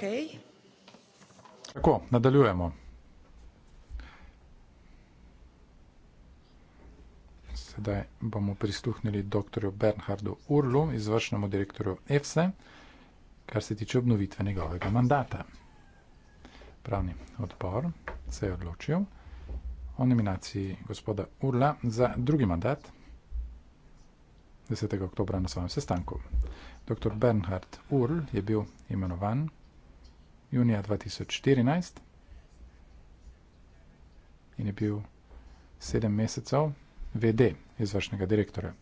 Ok. Tako, nadaljujemo. Sedaj bomo pristuhnili dr. Bernhardu Urlu, izvršnemu direktorju EFSE, kar se tiče obnovitve njegovega mandata. Pravni odpor se je odločil o nominaciji gospoda Urla za drugi mandat 10. oktobra na svojem sestanku. Dr. Bernhard Url je bil imenovan junija 2014 in je bil sedem mesecev VD izvršnega direktorja.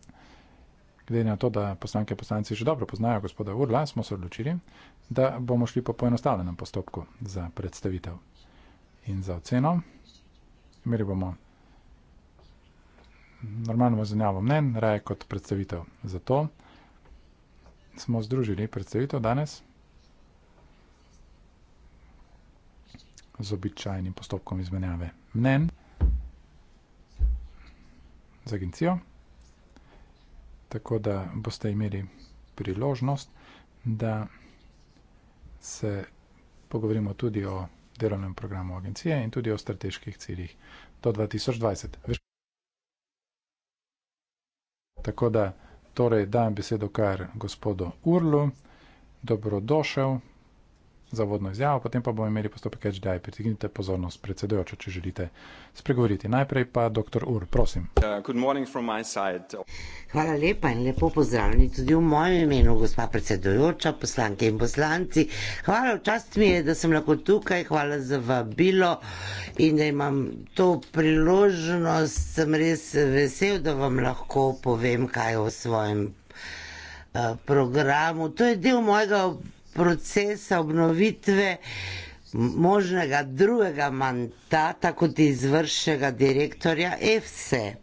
Glede na to, da poslanke in poslanci že dobro poznajo gospoda Urla, smo se odločili, da bomo šli po poenostavljenem postopku za predstavitev in za oceno. Imeli bomo normalno zanjavo mnen, raje kot predstavitev. Zato smo združili predstavitev danes. z običajnim postopkom izmenjave mnen z agencijo, tako da boste imeli priložnost, da se pogovorimo tudi o delovnem programu agencije in tudi o strateških ciljih do 2020. Tako da torej dajem besedo kar gospodu Urlu, dobrodošel za vodno izjavo, potem pa bomo imeli postopek HDI. Pritegnite pozornost predsedojoča, če želite spregovoriti. Najprej pa dr. Ur, prosim. Uh, hvala lepa in lepo pozdravljeni tudi v mojem imenu, gospa predsedojoča, poslanke in poslanci. Hvala, včast mi je, da sem lahko tukaj, hvala za vabilo in da imam to priložnost. Sem res vesel, da vam lahko povem kaj o svojem uh, programu. To je del mojega procesa obnovitve možnega drugega mandata kot izvršnega direktorja EFSE.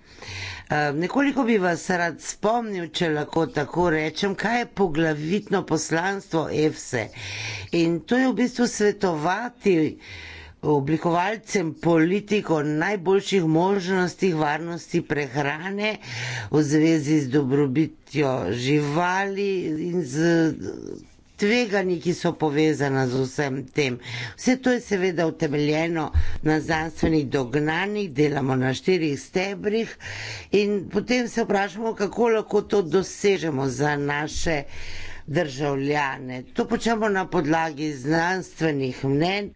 Nekoliko bi vas rad spomnil, če lahko tako rečem, kaj je poglavitno poslanstvo EFSE. In to je v bistvu svetovati oblikovalcem politik o najboljših možnostih varnosti prehrane v zvezi z dobrobitjo živali in z tveganji, ki so povezana z vsem tem. Vse to je seveda utemeljeno na znanstvenih dognanjih, delamo na štirih stebrih in potem se vprašamo, kako lahko to dosežemo za naše državljane. To počnemo na podlagi znanstvenih mnen.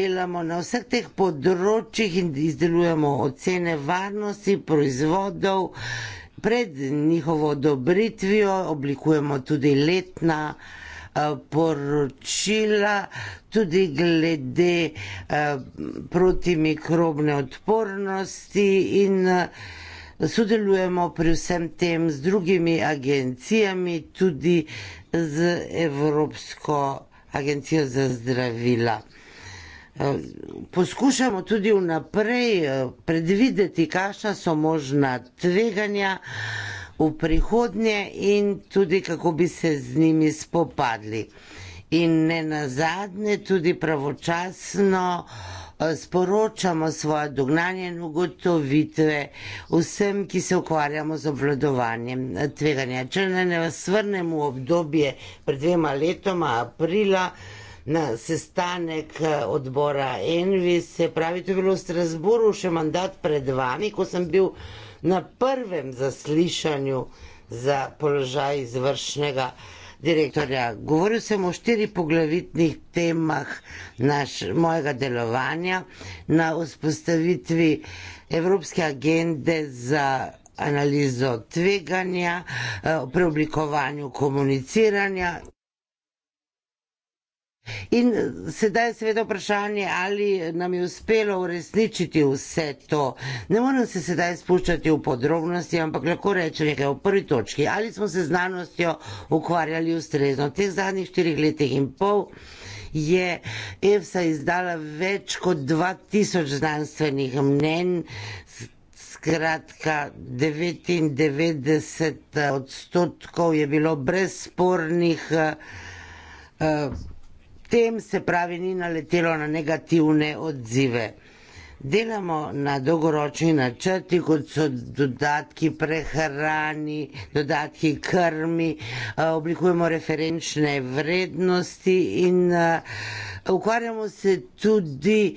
Delamo na vseh teh področjih in izdelujemo ocene varnosti, proizvodov, pred njihovo odobritvijo oblikujemo tudi letna eh, poročila, tudi glede eh, protimikrobne odpornosti in eh, sodelujemo pri vsem tem z drugimi agencijami, tudi z Evropsko agencijo za zdravila. Eh, poskušamo tudi vnaprej eh, predvideti, kakšna so možna tveganja v prihodnje in tudi kako bi se z njimi spopadli. In ne nazadnje, tudi pravočasno eh, sporočamo svoje dognanje in ugotovitve vsem, ki se ukvarjamo z obvladovanjem tveganja. Če ne, ne vas vrnem v obdobje pred dvema letoma, aprila na sestanek eh, odbora Envis, se pravi, to je bilo v Strasburu še mandat pred vami, ko sem bil na prvem zaslišanju za položaj izvršnega direktorja. Govoril sem o štiri poglavitnih temah naš, mojega delovanja na vzpostavitvi Evropske agende za analizo tveganja, eh, preoblikovanju komuniciranja. In eh, sedaj je seveda vprašanje, ali nam je uspelo uresničiti vse to. Ne moram se sedaj spuščati v podrobnosti, ampak lahko rečem nekaj o prvi točki. Ali smo se znanostjo ukvarjali ustrezno v teh zadnjih štirih letih in pol? je EFSA izdala več kot 2000 znanstvenih mnen, skratka 99 eh, odstotkov je bilo brezspornih, eh, tem se pravi ni naletelo na negativne odzive delamo na dolgoročni načrti, kot so dodatki prehrani, dodatki krmi, eh, oblikujemo referenčne vrednosti in eh, ukvarjamo se tudi eh,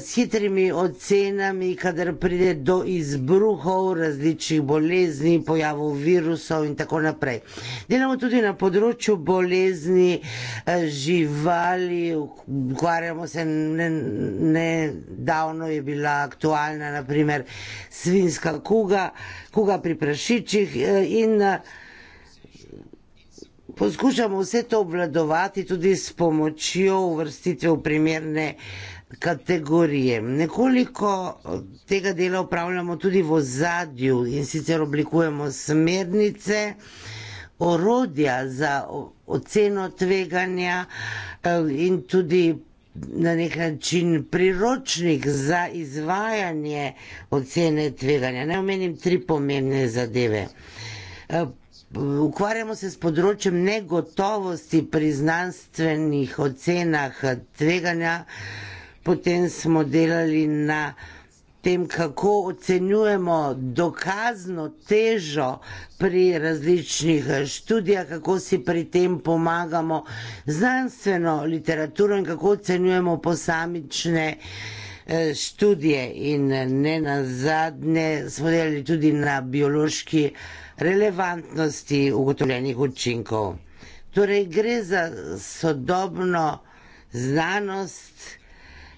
s hitrimi ocenami, kadar pride do izbruhov različnih bolezni, pojavov virusov in tako naprej. Delamo tudi na področju bolezni živali, ukvarjamo se nedavno ne je bila aktualna, naprimer svinska kuga, kuga pri prašičih eh, in eh, poskušamo vse to obvladovati tudi s pomočjo uvrstitve v primerne kategorije. Nekoliko eh, tega dela upravljamo tudi v zadju in sicer oblikujemo smernice, orodja za oceno tveganja in tudi na nek način priročnik za izvajanje ocene tveganja. Ne omenim tri pomembne zadeve. E, ukvarjamo se s področjem negotovosti pri znanstvenih ocenah tveganja, potem smo delali na tem, kako ocenjujemo dokazno težo pri različnih eh, študijah, kako si pri tem pomagamo znanstveno literaturo in kako ocenjujemo posamične eh, študije. In eh, ne na zadnje smo delali tudi na biološki relevantnosti ugotovljenih učinkov. Torej gre za sodobno znanost,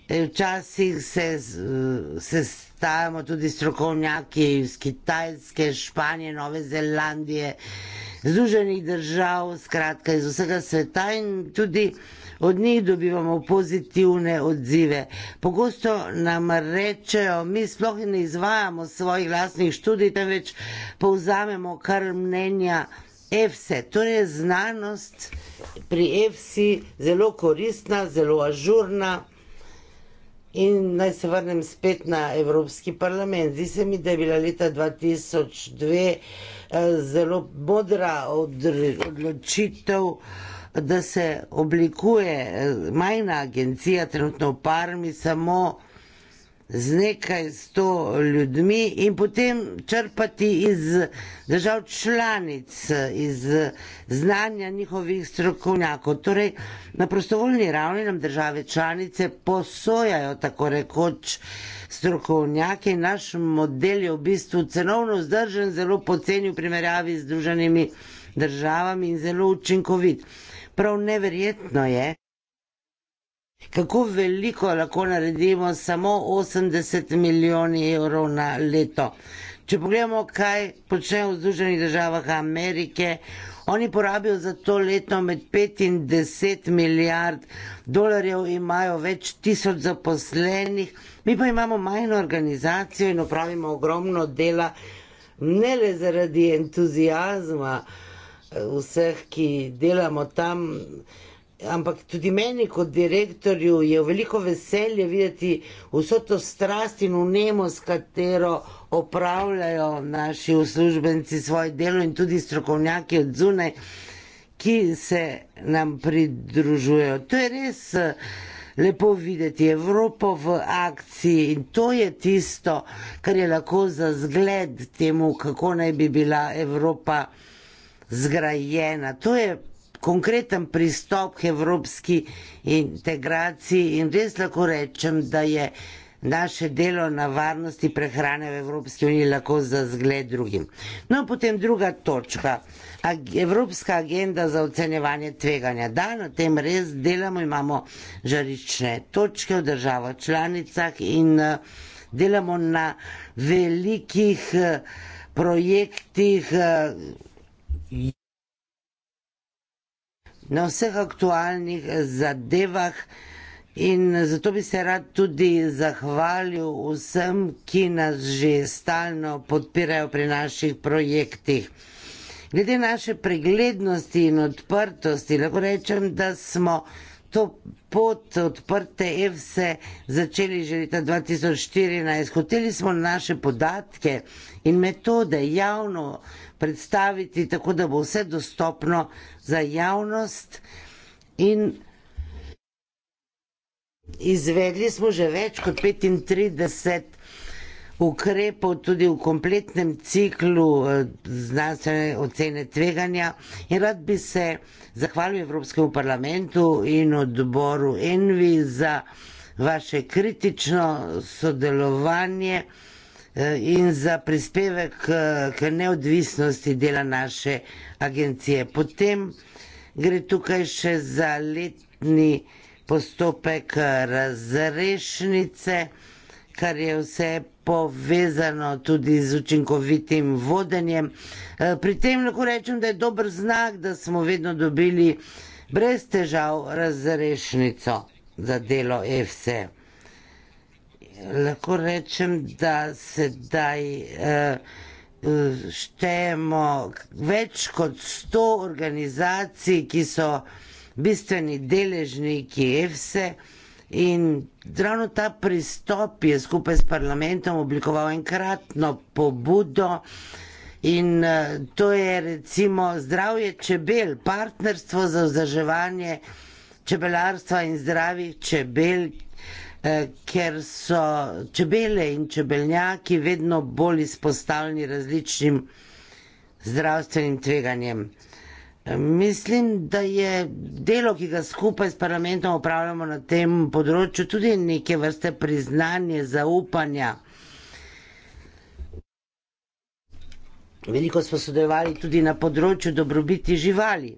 Eh, včasih se eh, sestavljamo tudi strokovnjaki iz Kitajske, Španije, Nove Zelandije, Združenih držav, skratka iz vsega sveta in tudi od njih dobivamo pozitivne odzive. Pogosto nam rečejo, mi sploh ne izvajamo svojih lastnih študij, temveč povzamemo kar mnenja. EFSE, torej znanost pri EFSI zelo koristna, zelo ažurna. In naj se vrnem spet na Evropski parlament. Zdi se mi, da je bila leta 2002 eh, zelo modra odločitev, da se oblikuje eh, majhna agencija, trenutno v Parmi, samo z nekaj sto ljudmi in potem črpati iz držav članic, iz znanja njihovih strokovnjakov. Torej, na prostovoljni ravni nam države članice posojajo tako rekoč strokovnjake. Naš model je v bistvu cenovno zdržen, zelo poceni v primerjavi z združenimi državami in zelo učinkovit. Prav neverjetno je, kako veliko lahko naredimo, samo 80 milijonov evrov na leto. Če pogledamo, kaj počnejo v Združenih državah Amerike, oni porabijo za to leto med 5 in 10 milijard dolarjev, imajo več tisoč zaposlenih, mi pa imamo majhno organizacijo in opravimo ogromno dela, ne le zaradi entuzijazma eh, vseh, ki delamo tam ampak tudi meni kot direktorju je veliko veselje videti vso to strast in unemo, s katero opravljajo naši uslužbenci svoje delo in tudi strokovnjaki od zune, ki se nam pridružujejo. To je res eh, lepo videti Evropo v akciji in to je tisto, kar je lahko za zgled temu, kako naj bi bila Evropa zgrajena. To je konkreten pristop k evropski integraciji in res lahko rečem, da je naše delo na varnosti prehrane v Evropski uniji lahko za zgled drugim. No, potem druga točka. Evropska agenda za ocenjevanje tveganja. Da, na tem res delamo, imamo žarične točke v državah članicah in delamo na velikih projektih na vseh aktualnih zadevah. In zato bi se rad tudi zahvalil vsem, ki nas že stalno podpirajo pri naših projektih. Glede naše preglednosti in odprtosti, lahko rečem, da smo to pot odprte EFSE začeli že leta 2014. Hoteli smo naše podatke in metode javno predstaviti tako, da bo vse dostopno za javnost. In izvedli smo že več kot 35 ukrepov, tudi v kompletnem ciklu eh, znanstvene ocene tveganja. In rad bi se zahvalil Evropskemu parlamentu in odboru Envi za vaše kritično sodelovanje. Eh, in za prispevek k neodvisnosti dela naše agencije. Potem gre tukaj še za letni postopek razrešnice, kar je vse povezano tudi z učinkovitim vodenjem. Eh, pri tem lahko rečem, da je dober znak, da smo vedno dobili brez težav razrešnico za delo EFSE lahko rečem, da sedaj uh, štejemo več kot sto organizacij, ki so bistveni deležniki EFSE. In ravno ta pristop je skupaj s parlamentom oblikoval enkratno pobudo in eh, to je recimo zdravje čebel, partnerstvo za vzdrževanje čebelarstva in zdravih čebel, Eh, ker so čebele in čebeljaki vedno bolj izpostavljeni različnim zdravstvenim tveganjem. Eh, mislim, da je delo, ki ga skupaj s parlamentom upravljamo na tem področju, tudi neke vrste priznanje, zaupanja. Veliko smo sodelovali tudi na področju dobrobiti živali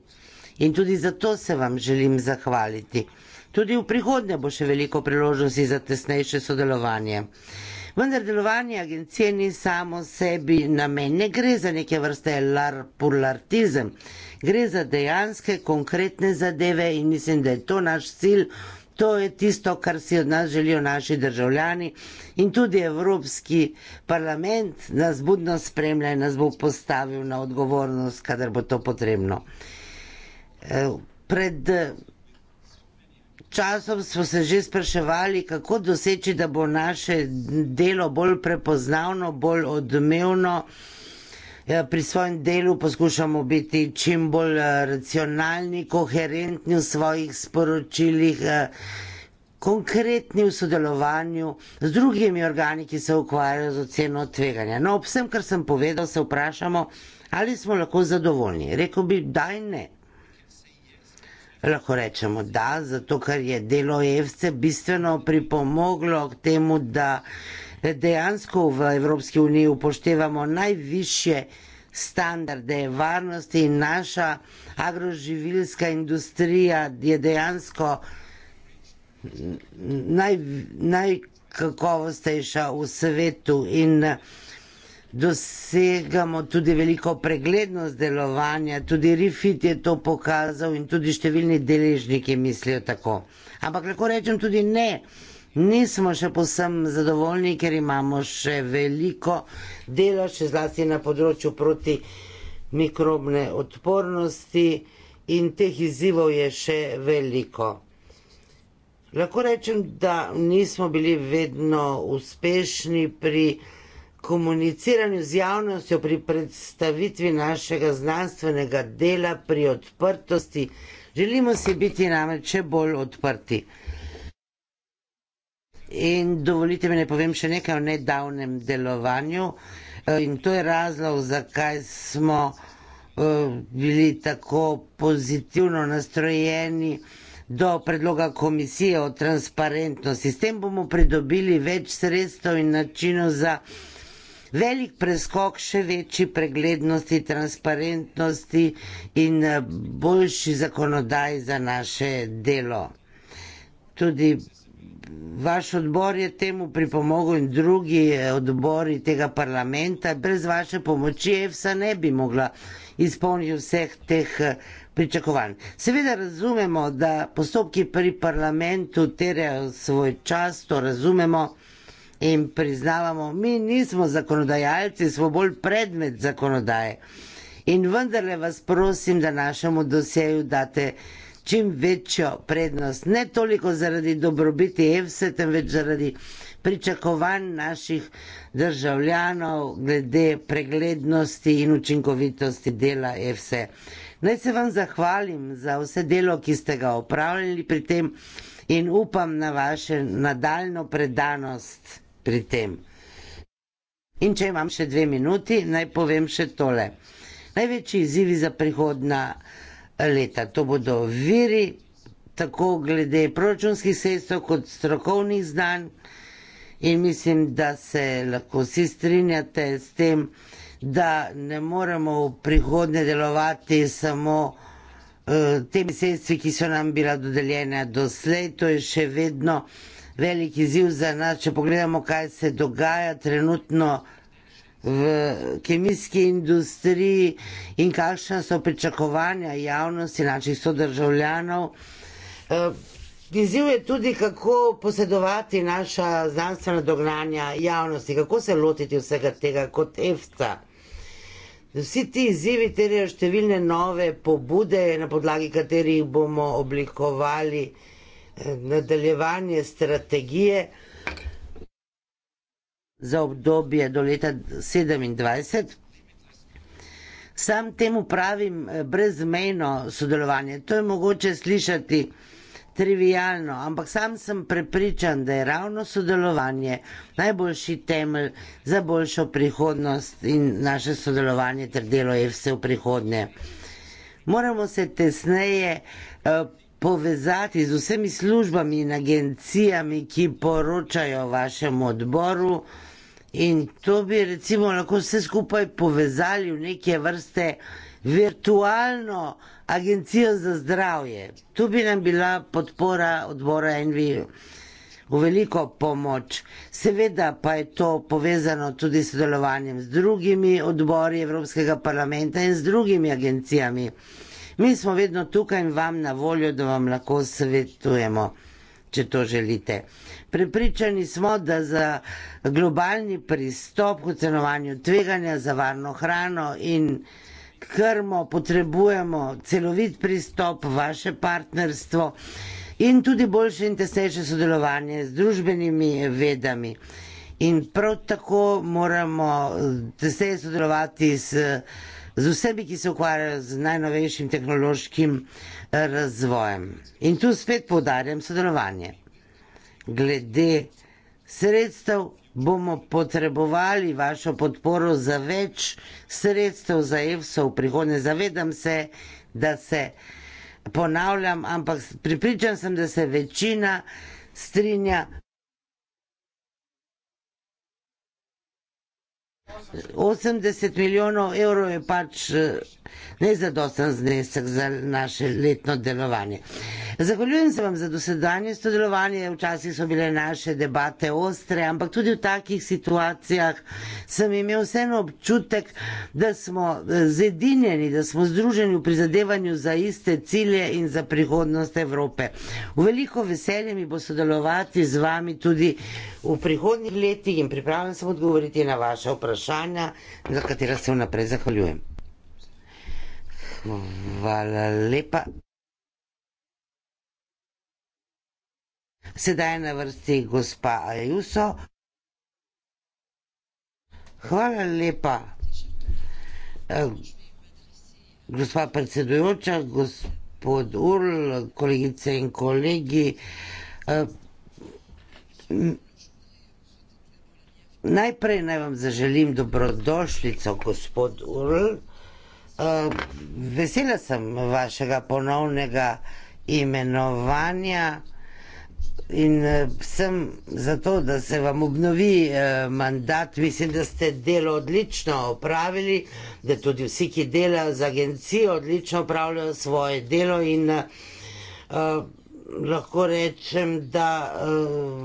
in tudi zato se vam želim zahvaliti. Tudi v prihodnje bo še veliko priložnosti za tesnejše sodelovanje. Vendar delovanje agencije ni samo sebi namen, ne gre za neke vrste larpulartizem, gre za dejanske, konkretne zadeve in mislim, da je to naš cilj, to je tisto, kar si od nas želijo naši državljani in tudi Evropski parlament nas budno spremlja in nas bo postavil na odgovornost, kadar bo to potrebno. Eh, pred časom smo se že spraševali, kako doseči, da bo naše delo bolj prepoznavno, bolj odmevno. Ja, pri svojem delu poskušamo biti čim bolj eh, racionalni, koherentni v svojih sporočilih, eh, konkretni v sodelovanju z drugimi organi, ki se ukvarjajo z oceno tveganja. No, ob vsem, kar sem povedal, se vprašamo, ali smo lahko zadovoljni. Rekl bi, daj ne. Lahko rečemo da, zato ker je delo EFSE bistveno pripomoglo k temu, da dejansko v Evropski uniji upoštevamo najviše standarde varnosti in naša agroživilska industrija je dejansko najkakovostejša naj v svetu in dosegamo tudi veliko preglednost delovanja, tudi Refit je to pokazal in tudi številni deležniki mislijo tako. Ampak lahko rečem tudi ne, nismo še posem zadovoljni, ker imamo še veliko dela, še zlasti na področju proti mikrobne odpornosti in teh izzivov je še veliko. Lahko rečem, da nismo bili vedno uspešni pri komuniciranju z javnostjo pri predstavitvi našega znanstvenega dela, pri odprtosti. Želimo si biti namreč še bolj odprti. In dovolite mi, da povem še nekaj o nedavnem delovanju. E, in to je razlog, zakaj smo e, bili tako pozitivno nastrojeni do predloga komisije o transparentnosti. S tem bomo pridobili več sredstev in načinov za velik preskok, še večji preglednosti, transparentnosti in eh, boljši zakonodaj za naše delo. Tudi vaš odbor je temu pripomogel in drugi eh, odbori tega parlamenta. Brez vaše pomoči EFSA ne bi mogla izpolniti vseh teh eh, pričakovanj. Seveda razumemo, da postopki pri parlamentu terajo svoj čas, to razumemo in priznavamo, mi nismo zakonodajalci, smo bolj predmet zakonodaje. In vendarle vas prosim, da našemu doseju date čim večjo prednost, ne toliko zaradi dobrobiti EFSE, temveč zaradi pričakovanj naših državljanov glede preglednosti in učinkovitosti dela EFSE. Naj se vam zahvalim za vse delo, ki ste ga opravljali pri tem in upam na vaše nadaljno predanost pri tem. In če imam še dve minuti, naj povem še tole. Največji izzivi za prihodna eh, leta, to bodo viri, tako glede proračunskih sredstev kot strokovnih znanj. In mislim, da se lahko vsi strinjate s tem, da ne moremo v prihodnje delovati samo uh, temi sredstvi, ki so nam bila dodeljena doslej, to je še vedno uh, veliki ziv za nas, če pogledamo, kaj se dogaja trenutno v kemijski industriji in kakšna so pričakovanja javnosti naših sodržavljanov. Eh, izziv je tudi, kako posedovati naša znanstvena dognanja javnosti, kako se lotiti vsega tega kot EFTA. Vsi ti izzivi terjajo številne nove pobude, na podlagi katerih bomo oblikovali nadaljevanje strategije za obdobje do leta 2027. Sam temu pravim eh, brezmejno sodelovanje. To je mogoče slišati trivijalno, ampak sam sem prepričan, da je ravno sodelovanje najboljši temelj za boljšo prihodnost in naše sodelovanje ter delo je vse v prihodnje. Moramo se tesneje eh, povezati z vsemi službami in agencijami, ki poročajo vašemu odboru. In to bi recimo lahko vse skupaj povezali v neke vrste virtualno agencijo za zdravje. Tu bi nam bila podpora odbora NVI v veliko pomoč. Seveda pa je to povezano tudi s sodelovanjem z drugimi odbori Evropskega parlamenta in z drugimi agencijami. Mi smo vedno tukaj in vam na voljo, da vam lahko svetujemo, če to želite. Pripričani smo, da za globalni pristop k ocenovanju tveganja za varno hrano in krmo potrebujemo celovit pristop, vaše partnerstvo in tudi boljše in tesnejše sodelovanje z družbenimi vedami. In prav tako moramo tesneje sodelovati s z vsemi, ki se ukvarjajo z najnovejšim tehnološkim eh, razvojem. In tu spet podarjam sodelovanje. Glede sredstev bomo potrebovali vašo podporo za več sredstev za EFSO v prihodnje. Zavedam se, da se ponavljam, ampak pripričan sem, da se večina strinja. 80 milijonov evrov je pač eh, nezadosten znesek za naše letno delovanje. Zahvaljujem se vam za dosedanje sodelovanje, včasih so bile naše debate ostre, ampak tudi v takih situacijah sem imel vseeno občutek, da smo eh, zedinjeni, da smo združeni v prizadevanju za iste cilje in za prihodnost Evrope. V veliko veselje mi bo sodelovati z vami tudi v prihodnih letih in pripravljen sem odgovoriti na vaše vprašanje vprašanja, za katera se vnaprej zahvaljujem. Hvala lepa. Sedaj je na vrsti gospa Ajuso. Hvala lepa. Eh, gospa predsedujoča, gospod Url, kolegice in kolegi. Eh, Najprej naj vam zaželim dobrodošljico, gospod Url. Eh, vesela sem vašega ponovnega imenovanja in eh, sem zato, da se vam obnovi eh, mandat. Mislim, da ste delo odlično opravili, da tudi vsi, ki delajo z agencijo, odlično opravljajo svoje delo in lahko rečem, da eh,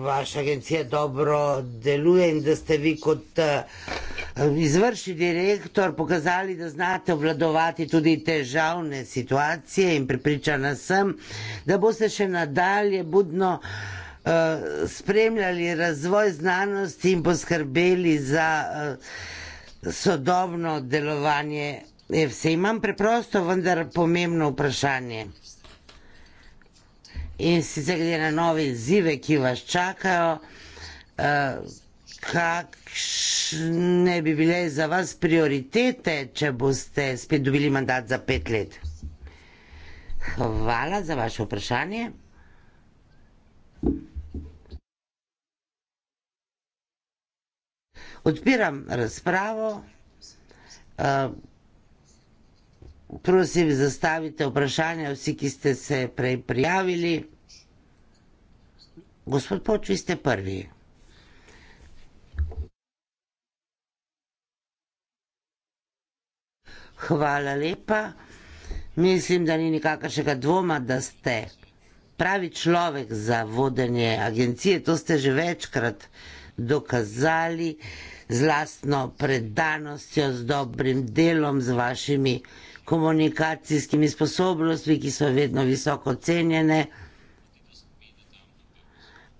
vaša agencija dobro deluje in da ste vi kot eh, izvršni direktor pokazali, da znate obvladovati tudi težavne situacije in pripričana sem, da boste še nadalje budno eh, spremljali razvoj znanosti in poskrbeli za sodobno delovanje. Vse imam preprosto, vendar pomembno vprašanje in sicer glede na nove izzive, ki vas čakajo, eh, kakšne bi bile za vas prioritete, če boste spet dobili mandat za pet let? Hvala za vaše vprašanje. Odpiram razpravo. Eh, prosim, zastavite vprašanje vsi, ki ste se prej prijavili. Gospod Poč, vi ste prvi. Hvala lepa. Mislim, da ni nikakršnega dvoma, da ste pravi človek za vodenje agencije. To ste že večkrat dokazali z lastno predanostjo, z dobrim delom, z vašimi komunikacijskimi sposobnostmi, ki so vedno visoko cenjene.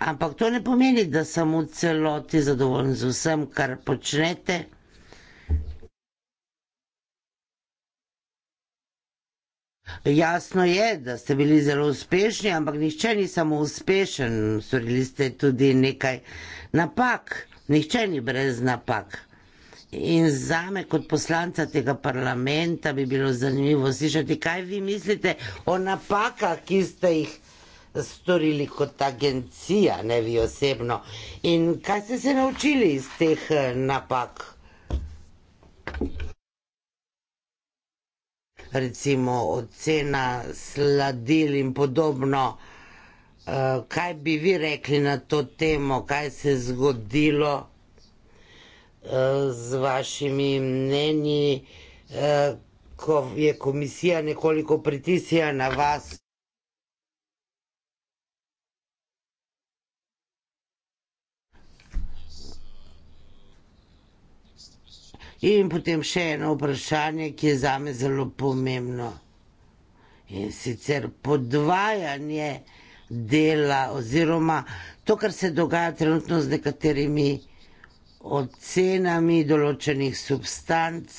Ampak to ne pomeni, da sem v celoti zadovoljen z vsem, kar počnete. Jasno je, da ste bili zelo uspešni, ampak nihče ni samo uspešen, storili ste tudi nekaj napak, nihče ni brez napak. In za me kot poslanca tega parlamenta bi bilo zanimivo slišati, kaj vi mislite o napakah, ki ste jih storili kot agencija, ne vi osebno. In kaj ste se naučili iz teh eh, napak? Recimo ocena sladil in podobno. Eh, kaj bi vi rekli na to temo, kaj se je zgodilo eh, z vašimi mnenji, ko je komisija nekoliko pritisnila na vas? In potem še eno vprašanje, ki je za me zelo pomembno. In sicer podvajanje dela oziroma to, kar se dogaja trenutno z nekaterimi ocenami določenih substanc.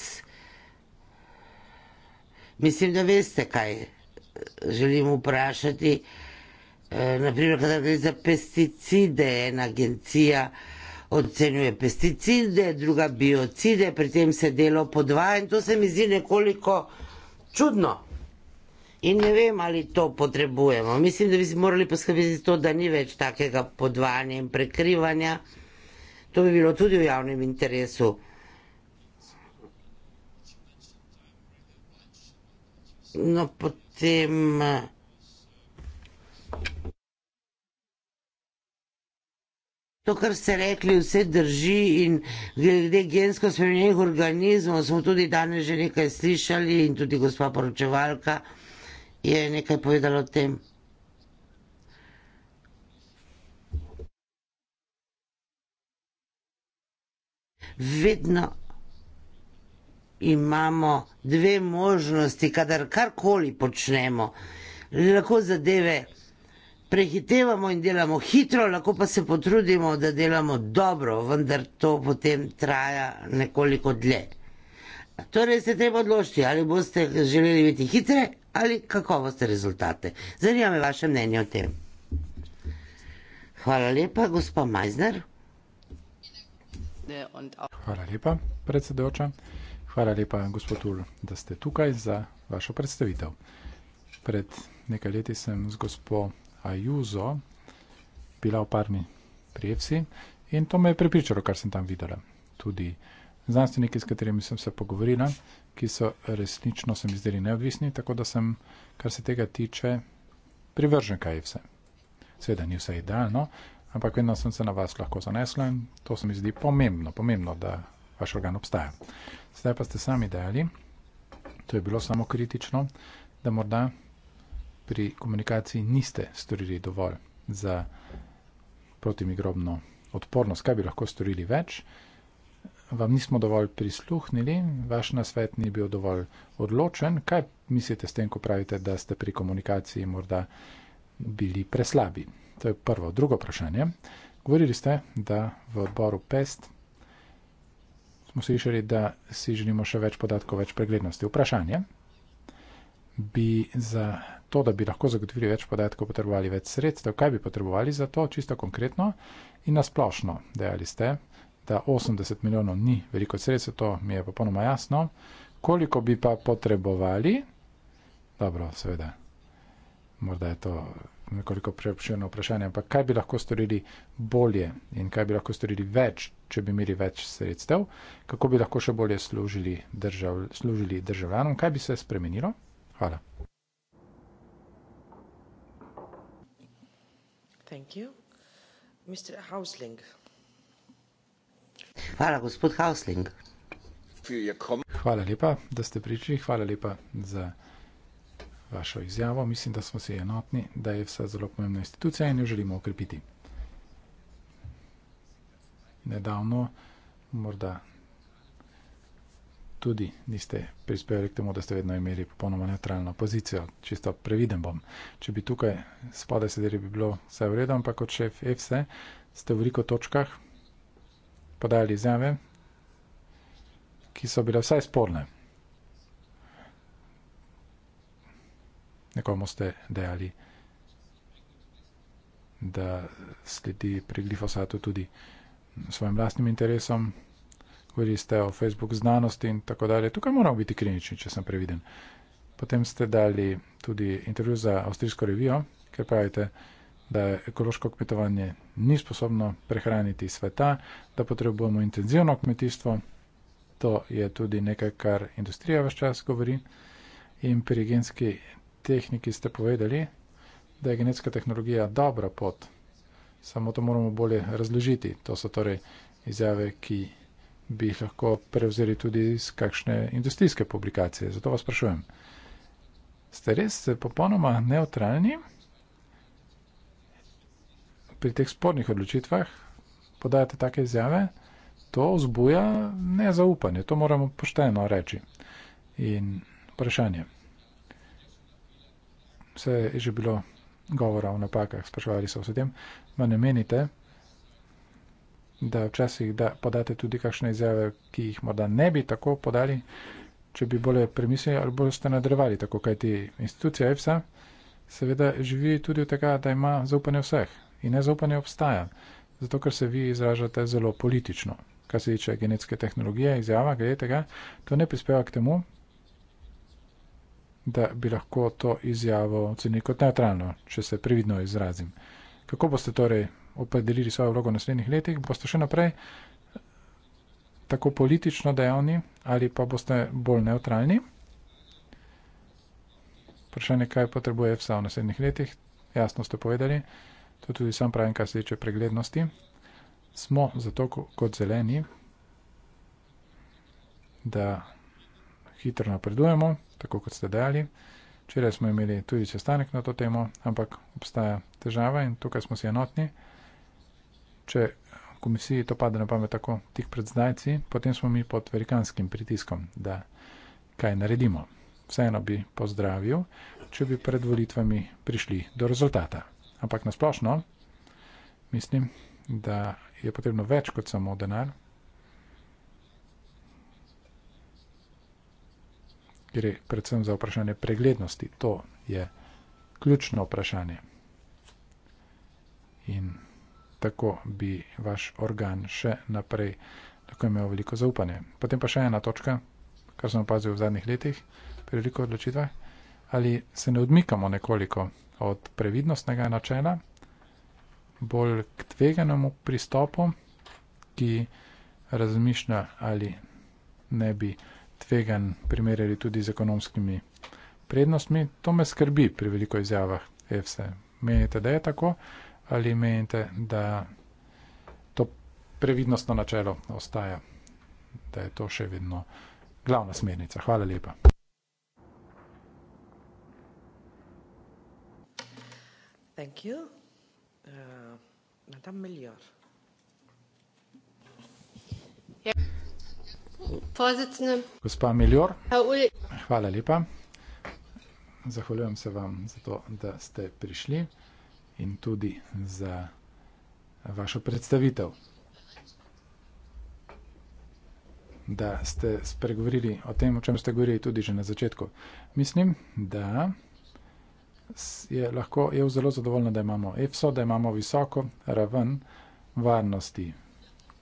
Mislim, da veste, kaj eh, želim vprašati. E, eh, naprimer, kadar gre za pesticide, ena agencija, ocenjuje pesticide, druga biocide, pri tem se delo podvaja in to se mi zdi nekoliko čudno. In ne vem, ali to potrebujemo. Mislim, da bi si morali poskrbeti to, da ni več takega podvajanja in prekrivanja. To bi bilo tudi v javnem interesu. No, potem. Eh, To, kar ste rekli, vse drži in glede gensko spremenjenih organizmov smo tudi danes že nekaj slišali in tudi gospa poročevalka je nekaj povedala o tem. Vedno imamo dve možnosti, kadar karkoli počnemo, lahko zadeve prehitevamo in delamo hitro, lahko pa se potrudimo, da delamo dobro, vendar to potem traja nekoliko dlje. Torej se treba odločiti, ali boste želeli biti hitre ali kakovoste rezultate. Zanima me vaše mnenje o tem. Hvala lepa, gospa Majzner. Hvala lepa, predsedujoča. Hvala lepa, gospod Ul, da ste tukaj za vašo predstavitev. Pred nekaj leti sem z gospod Ajuzo, bila v parmi prijevci in to me je prepričalo, kar sem tam videla. Tudi znanstveniki, s katerimi sem se pogovorila, ki so resnično se mi zdeli neodvisni, tako da sem, kar se tega tiče, privržen kaj vse. Sveda ni vse idealno, ampak vedno sem se na vas lahko zanesla in to se mi zdi pomembno, pomembno, da vaš organ obstaja. Sedaj pa ste sami dejali, to je bilo samo kritično, da morda pri komunikaciji niste storili dovolj za protimikrobno odpornost, kaj bi lahko storili več, vam nismo dovolj prisluhnili, vaš nasvet ni bil dovolj odločen. Kaj mislite s tem, ko pravite, da ste pri komunikaciji morda bili preslabi? To je prvo. Drugo vprašanje. Govorili ste, da v odboru PEST smo slišali, da si želimo še več podatkov, več preglednosti. Vprašanje. Bi za to, da bi lahko zagotovili več podatkov, potrebovali več sredstev, kaj bi potrebovali za to, čisto konkretno in nasplošno, dejali ste, da 80 milijonov ni veliko sredstev, to mi je popolnoma jasno. Koliko bi pa potrebovali? Dobro, seveda, morda je to nekoliko preobširno vprašanje, ampak kaj bi lahko storili bolje in kaj bi lahko storili več, če bi imeli več sredstev, kako bi lahko še bolje služili, držav, služili državljanom, kaj bi se spremenilo? Hvala. Thank you. Mr. Hausling. Hvala, gospod Hausling. Hvala lepa, da ste prišli. Hvala lepa za vašo izjavo. Mislim, da smo se enotni, da je vsa zelo pomembna institucija in jo želimo okrepiti. Nedavno, morda tudi niste prispevali k temu, da ste vedno imeli popolnoma neutralno pozicijo. Čisto previden bom. Če bi tukaj spada sedeli, bi bilo vse v redu, ampak kot šef EFSE ste v veliko točkah podajali izjave, ki so bile vsaj sporne. Nekomu ste dejali, da sledi pri glifosatu tudi svojim lastnim interesom govorili ste o Facebook znanosti in tako dalje. Tukaj moramo biti klinični, če sem previden. Potem ste dali tudi intervju za avstrijsko revijo, ker pravite, da ekološko kmetovanje ni sposobno prehraniti sveta, da potrebujemo intenzivno kmetijstvo. To je tudi nekaj, kar industrija vaš čas govori. In pri genski tehniki ste povedali, da je genetska tehnologija dobra pot, samo to moramo bolje razložiti. To so torej izjave, ki bi jih lahko prevzeli tudi iz kakšne industrijske publikacije. Zato vas sprašujem, ste res popolnoma neutralni pri teh spornih odločitvah, podajate take izjave, to vzbuja nezaupanje, to moramo pošteno reči. In vprašanje. Vse je že bilo govora o napakah, spraševali so o tem, pa ne menite, da včasih da, podate tudi kakšne izjave, ki jih morda ne bi tako podali, če bi bolje premislili ali boste nadrevali tako, kajti institucija EFSA seveda živi tudi od tega, da ima zaupanje vseh in nezaupanje obstaja, zato ker se vi izražate zelo politično. Kar se tiče genetske tehnologije, izjava glede tega, to ne prispeva k temu, da bi lahko to izjavo ocenili kot neutralno, če se previdno izrazim. Kako boste torej opredelili svojo vlogo v naslednjih letih, boste še naprej tako politično dejavni ali pa boste bolj neutralni. Vprašanje, kaj potrebuje FSA v naslednjih letih, jasno ste povedali, to tudi sam pravim, kar se tiče preglednosti. Smo zato kot zeleni, da hitro napredujemo, tako kot ste dejali. Včeraj smo imeli tudi sestanek na to temo, ampak obstaja težava in tukaj smo si enotni če komisiji to pade na pamet tako tik pred zdajci, potem smo mi pod velikanskim pritiskom, da kaj naredimo. Vseeno bi pozdravil, če bi pred volitvami prišli do rezultata. Ampak nasplošno mislim, da je potrebno več kot samo denar. Gre predvsem za vprašanje preglednosti. To je ključno vprašanje. In tako, bi vaš organ še naprej lahko imel veliko zaupanje. Potem pa še ena točka, kar sem opazil v zadnjih letih pri veliko odločitvah, ali se ne odmikamo nekoliko od previdnostnega načela, bolj k tveganemu pristopu, ki razmišlja ali ne bi tvegan primerjali tudi z ekonomskimi prednostmi. To me skrbi pri veliko izjavah EFSE. Menite, da je tako? ali menite, da to previdnostno načelo ostaja, da je to še vedno glavna smernica. Hvala lepa. Thank you. Uh, Madame Melior. Gospa Miljor, ja, hvala lepa. Zahvaljujem se vam za to, da ste prišli in tudi za vašo predstavitev. Da ste spregovorili o tem, o čem ste govorili tudi že na začetku. Mislim, da je lahko EU zelo zadovoljna, da imamo EFSO, da imamo visoko raven varnosti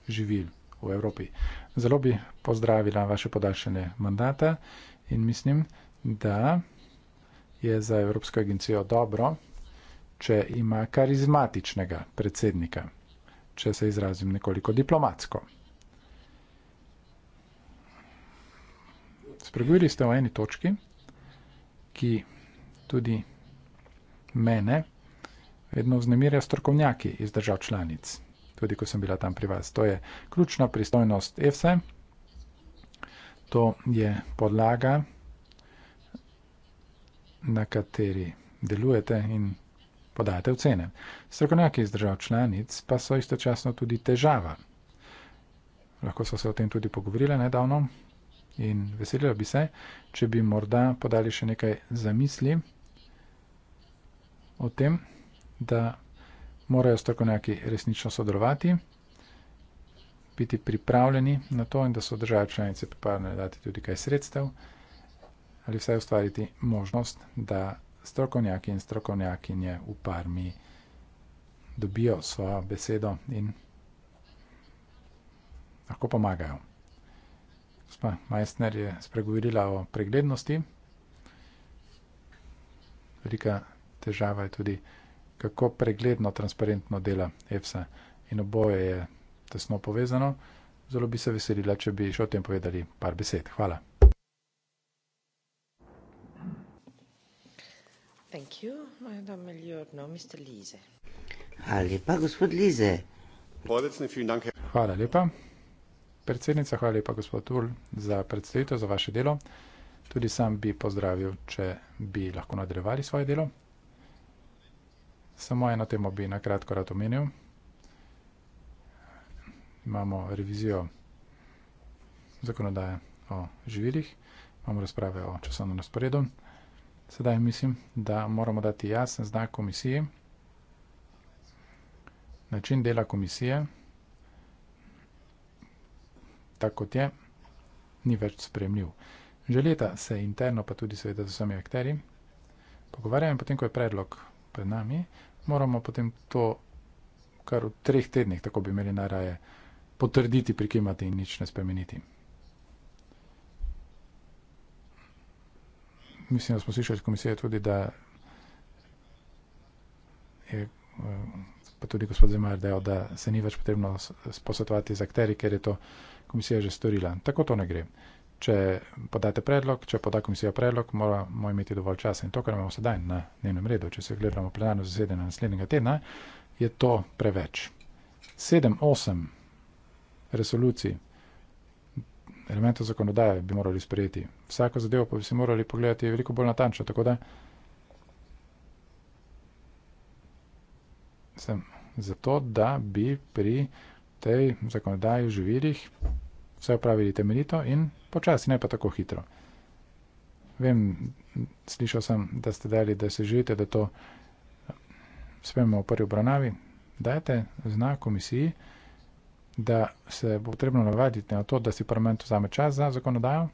živil v Evropi. Zelo bi pozdravila vaše podaljšanje mandata in mislim, da je za Evropsko agencijo dobro, če ima karizmatičnega predsednika, če se izrazim nekoliko diplomatsko. Spregovorili ste o eni točki, ki tudi mene vedno vznemirja strokovnjaki iz držav članic, tudi ko sem bila tam pri vas. To je ključna pristojnost EFSA, to je podlaga, na kateri delujete in podajate ocene. Strokovnjaki iz držav članic pa so istočasno tudi težava. Lahko so se o tem tudi pogovorili nedavno in veselila bi se, če bi morda podali še nekaj zamisli o tem, da morajo strokovnjaki resnično sodelovati, biti pripravljeni na to in da so države članice pripravljene dati tudi kaj sredstev ali vsaj ustvariti možnost, da strokovnjaki in strokovnjakinje v parmi dobijo svojo besedo in lahko pomagajo. Gospa Majstner je spregovorila o preglednosti. Velika težava je tudi, kako pregledno, transparentno dela EFSA in oboje je tesno povezano. Zelo bi se veselila, če bi še o tem povedali par besed. Hvala. Thank you, Madame Lior, no, Mr. Lise. Hvala lepa, gospod Lize. Hvala lepa, predsednica, hvala lepa, gospod Tull, za predstavitev, za vaše delo. Tudi sam bi pozdravil, če bi lahko nadaljevali svoje delo. Samo eno temo bi na kratko rad omenil. Imamo revizijo zakonodaje o živilih, imamo razprave o časovnem razporedu. Sedaj mislim, da moramo dati jasen znak komisiji. Način dela komisije, tako kot je, ni več spremljiv. Že leta se interno, pa tudi seveda z vsemi akteri, pogovarjamo in potem, ko je predlog pred nami, moramo potem to kar v treh tednih, tako bi imeli najraje, potrditi, prikimati in nič ne spremeniti. mislim, da smo slišali iz komisije tudi, da je, eh, pa tudi gospod Zemar dejal, da se ni več potrebno posvetovati z akteri, ker je to komisija že storila. Tako to ne gre. Če podate predlog, če poda komisija predlog, moramo imeti dovolj časa. In to, kar imamo sedaj na njenem redu, če se gledamo plenarno zasedanje naslednjega tedna, je to preveč. 7-8 resolucij elementov zakonodaje bi morali sprejeti. Vsako zadevo pa bi si morali pogledati veliko bolj natančno. Tako da sem zato, da bi pri tej zakonodaji v živirih vse opravili temeljito in počasi, ne pa tako hitro. Vem, slišal sem, da ste dali, da se živite, da to spremo v prvi obravnavi. Dajte znak komisiji, da se bo potrebno navaditi na to, da si parlament vzame čas za zakonodajo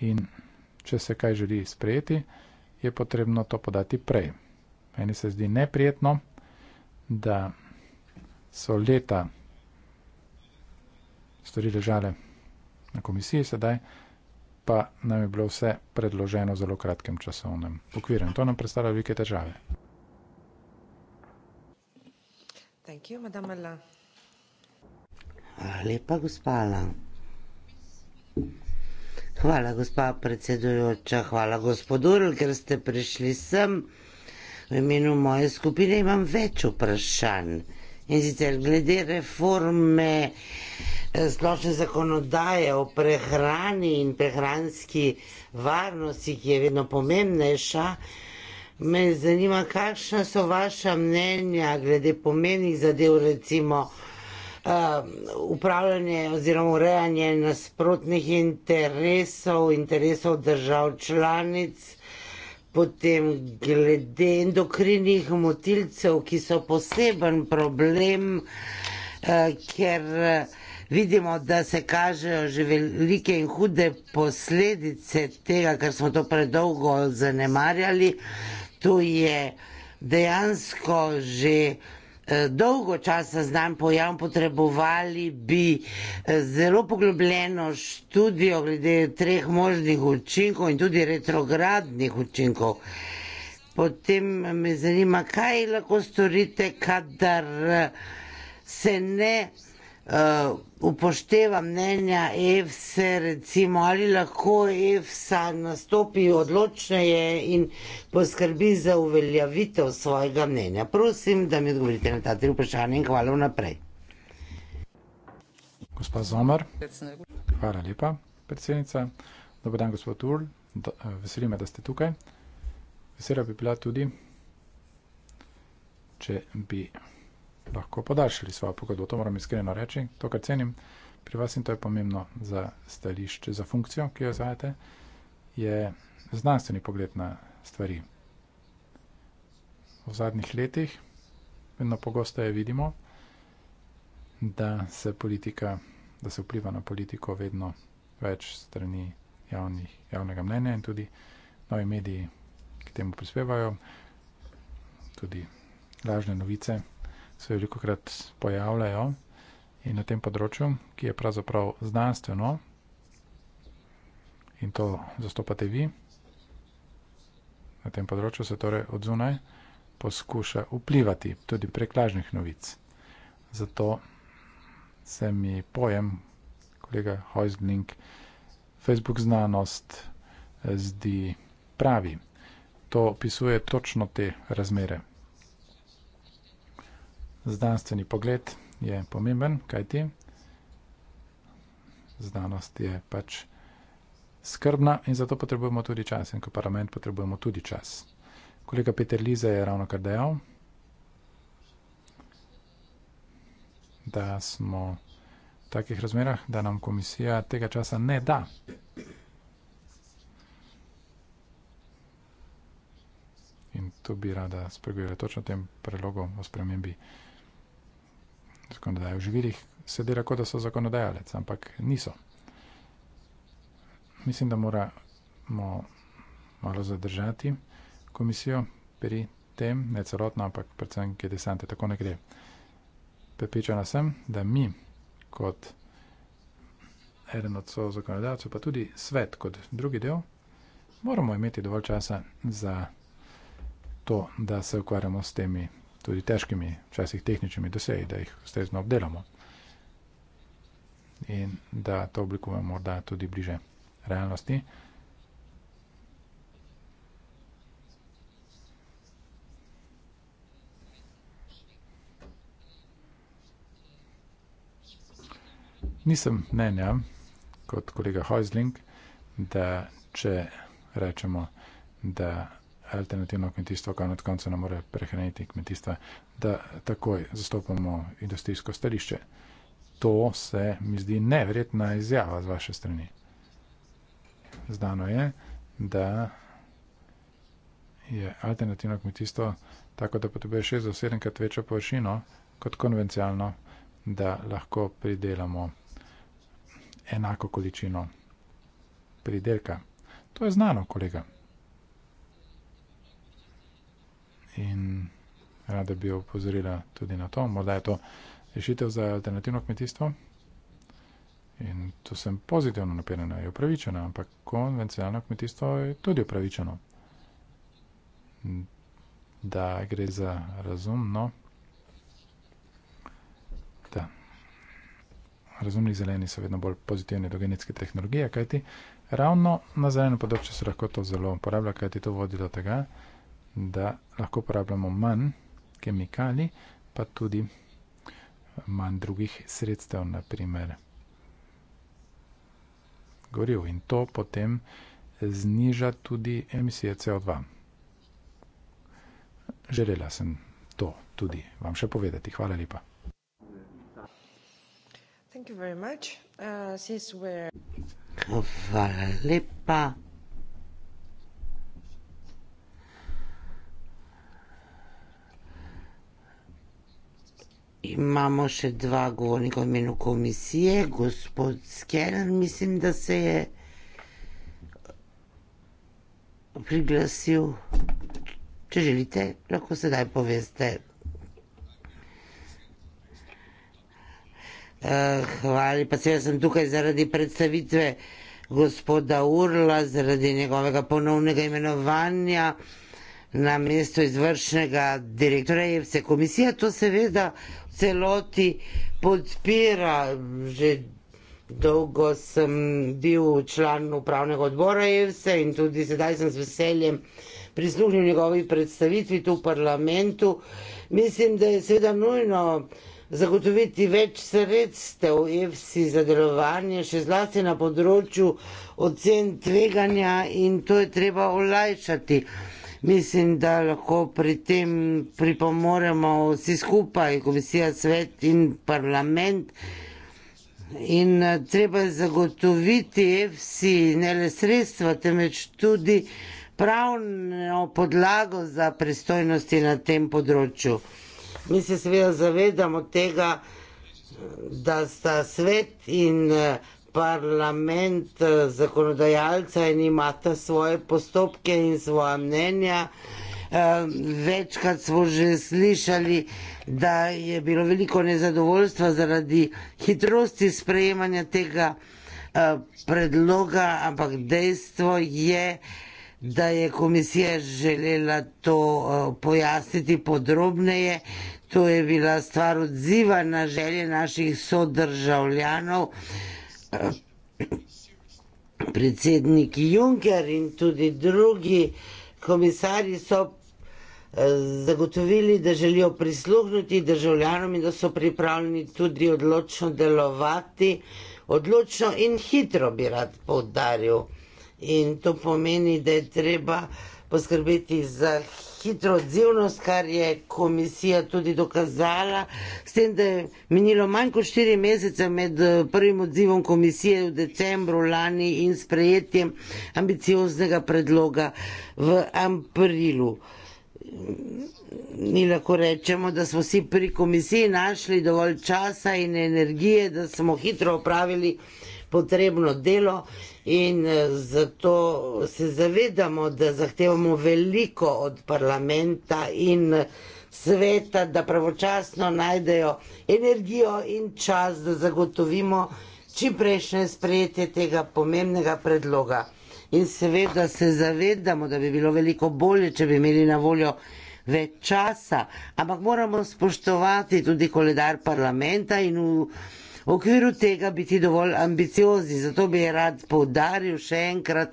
in če se kaj želi sprejeti, je potrebno to podati prej. Meni se zdi neprijetno, da so leta stvari ležale na komisiji sedaj, pa nam je bilo vse predloženo v zelo kratkem časovnem okviru. To nam predstavlja velike težave. Thank you, Madame Allah. Hvala lepa, gospa Alan. Hvala, gospa predsedujoča, hvala, gospod Uril, ker ste prišli sem. V imenu moje skupine imam več vprašanj. In sicer glede reforme eh, splošne zakonodaje o prehrani in prehranski varnosti, ki je vedno pomembnejša, me zanima, kakšna so vaša mnenja glede pomenih zadev, recimo Um, upravljanje oziroma urejanje nasprotnih interesov, interesov držav članic, potem glede endokrinih motilcev, ki so poseben problem, uh, ker uh, vidimo, da se kažejo že velike in hude posledice tega, ker smo to predolgo zanemarjali. To je dejansko že Eh, dolgo časa znan pojav, potrebovali bi eh, zelo poglobljeno študijo glede treh možnih učinkov in tudi retrogradnih učinkov. Potem me zanima, kaj lahko storite, kadar eh, se ne Eh, upošteva mnenja EFSE, recimo ali lahko EFSA nastopi odločneje in poskrbi za uveljavitev svojega mnenja. Prosim, da mi odgovorite na ta tri vprašanja in hvala vnaprej. Gospa Zomer. Hvala lepa, predsednica. Dobar dan, gospod Url. Eh, veseli me, da ste tukaj. Vesela bi bila tudi, če bi lahko podaljšali svojo pogodbo. To moram iskreno reči, to, kar cenim pri vas in to je pomembno za stališče, za funkcijo, ki jo izvajate, je znanstveni pogled na stvari. V zadnjih letih vedno pogosteje vidimo, da se politika, da se vpliva na politiko vedno več strani javnih, javnega mnenja in tudi novi mediji k temu prispevajo, tudi lažne novice se veliko krat pojavljajo in na tem področju, ki je pravzaprav znanstveno in to zastopate vi, na tem področju se torej od zunaj poskuša vplivati tudi prek lažnih novic. Zato se mi pojem, kolega Hojzdnink, Facebook znanost eh, zdi pravi. To opisuje točno te razmere. Znanstveni pogled je pomemben, kaj ti? Znanost je pač skrbna in zato potrebujemo tudi čas in kot parlament potrebujemo tudi čas. Kolega Peter Lize je ravno kar dejal, da smo v takih razmerah, da nam komisija tega časa ne da. In tu bi rada spregovorila točno o tem predlogu o spremembi zakonodaje. V živilih se dela, kot da so zakonodajalec, ampak niso. Mislim, da moramo malo zadržati komisijo pri tem, ne celotno, ampak predvsem, ki je desante, tako ne gre. Prepričana sem, da mi, kot eden od so zakonodajalcev, pa tudi svet, kot drugi del, moramo imeti dovolj časa za to, da se ukvarjamo s temi tudi težkimi, včasih tehničnimi dosegi, da jih ustrezno obdelamo in da to oblikujemo morda tudi bliže realnosti. Nisem mnenja, kot kolega Heusling, da če rečemo, da alternativno kmetijstvo, kar na koncu ne more prehraniti kmetijstva, da takoj zastopamo industrijsko stališče. To se mi zdi neverjetna izjava z vaše strani. Znano je, da je alternativno kmetijstvo tako, da potrebuje 6 do 7 krat večjo površino kot konvencionalno, da lahko pridelamo enako količino pridelka. To je znano, kolega. in rada bi opozorila tudi na to. Morda je to rešitev za alternativno kmetijstvo. In tu sem pozitivno napirena, je upravičena, ampak konvencionalno kmetijstvo je tudi upravičeno. Da gre za razumno, da razumni zeleni so vedno bolj pozitivni do genetske tehnologije, kajti ravno na zeleno področje se lahko to zelo uporablja, kajti to vodi do tega, da lahko uporabljamo manj kemikali, pa tudi manj drugih sredstev, naprimer goril. In to potem zniža tudi emisije CO2. Želela sem to tudi vam še povedati. Hvala lepa. Thank you very much. Uh, since we're... Hvala lepa. Imamo še dva govornika v imenu komisije, gospod Skeller, mislim, da se je priglasil. Če želite, lahko sedaj poveste. Uh, hvala, pa se jaz sem tukaj zaradi predstavitve gospoda Urla, zaradi njegovega ponovnega imenovanja. Uh, na mesto izvršnega direktora Evropske komisije. To seveda v celoti podpira. Že dolgo sem bil član upravnega odbora Evropske in tudi sedaj sem z veseljem prisluhnil njegovi predstavitvi tu v parlamentu. Mislim, da je seveda nujno zagotoviti več sredstev EFSI za delovanje, še zlasti na področju ocen tveganja in to je treba olajšati mislim, da lahko pri tem pripomoremo vsi skupaj, komisija, svet in parlament. In eh, treba je zagotoviti EFSI ne le sredstva, temveč tudi pravno podlago za pristojnosti na tem področju. Mi se seveda zavedamo tega, da sta svet in eh, parlament eh, zakonodajalca in imata svoje postopke in svoja mnenja. Eh, večkrat smo že slišali, da je bilo veliko nezadovoljstva zaradi hitrosti sprejemanja tega eh, predloga, ampak dejstvo je, da je komisija želela to pojasniti podrobneje. To je bila stvar odziva na želje naših sodržavljanov predsednik Juncker in tudi drugi komisari so eh, zagotovili, da želijo prisluhnuti državljanom in da so pripravljeni tudi odločno delovati, odločno in hitro bi rad poudaril. In to pomeni, da je treba poskrbeti za hitro odzivnost, kar je komisija tudi dokazala, s tem, da je minilo manj kot štiri mesece med eh, prvim odzivom komisije v decembru lani in sprejetjem ambicioznega predloga v aprilu. Ni lahko rečemo, da smo si pri komisiji našli dovolj časa in energije, da smo hitro opravili potrebno delo in eh, zato se zavedamo, da zahtevamo veliko od parlamenta in eh, sveta, da pravočasno najdejo energijo in čas, da zagotovimo čim prejšnje sprejetje tega pomembnega predloga. In seveda se zavedamo, da bi bilo veliko bolje, če bi imeli na voljo več časa, ampak moramo spoštovati tudi koledar parlamenta in v v okviru tega biti dovolj ambiciozni. Zato bi rad poudaril še enkrat,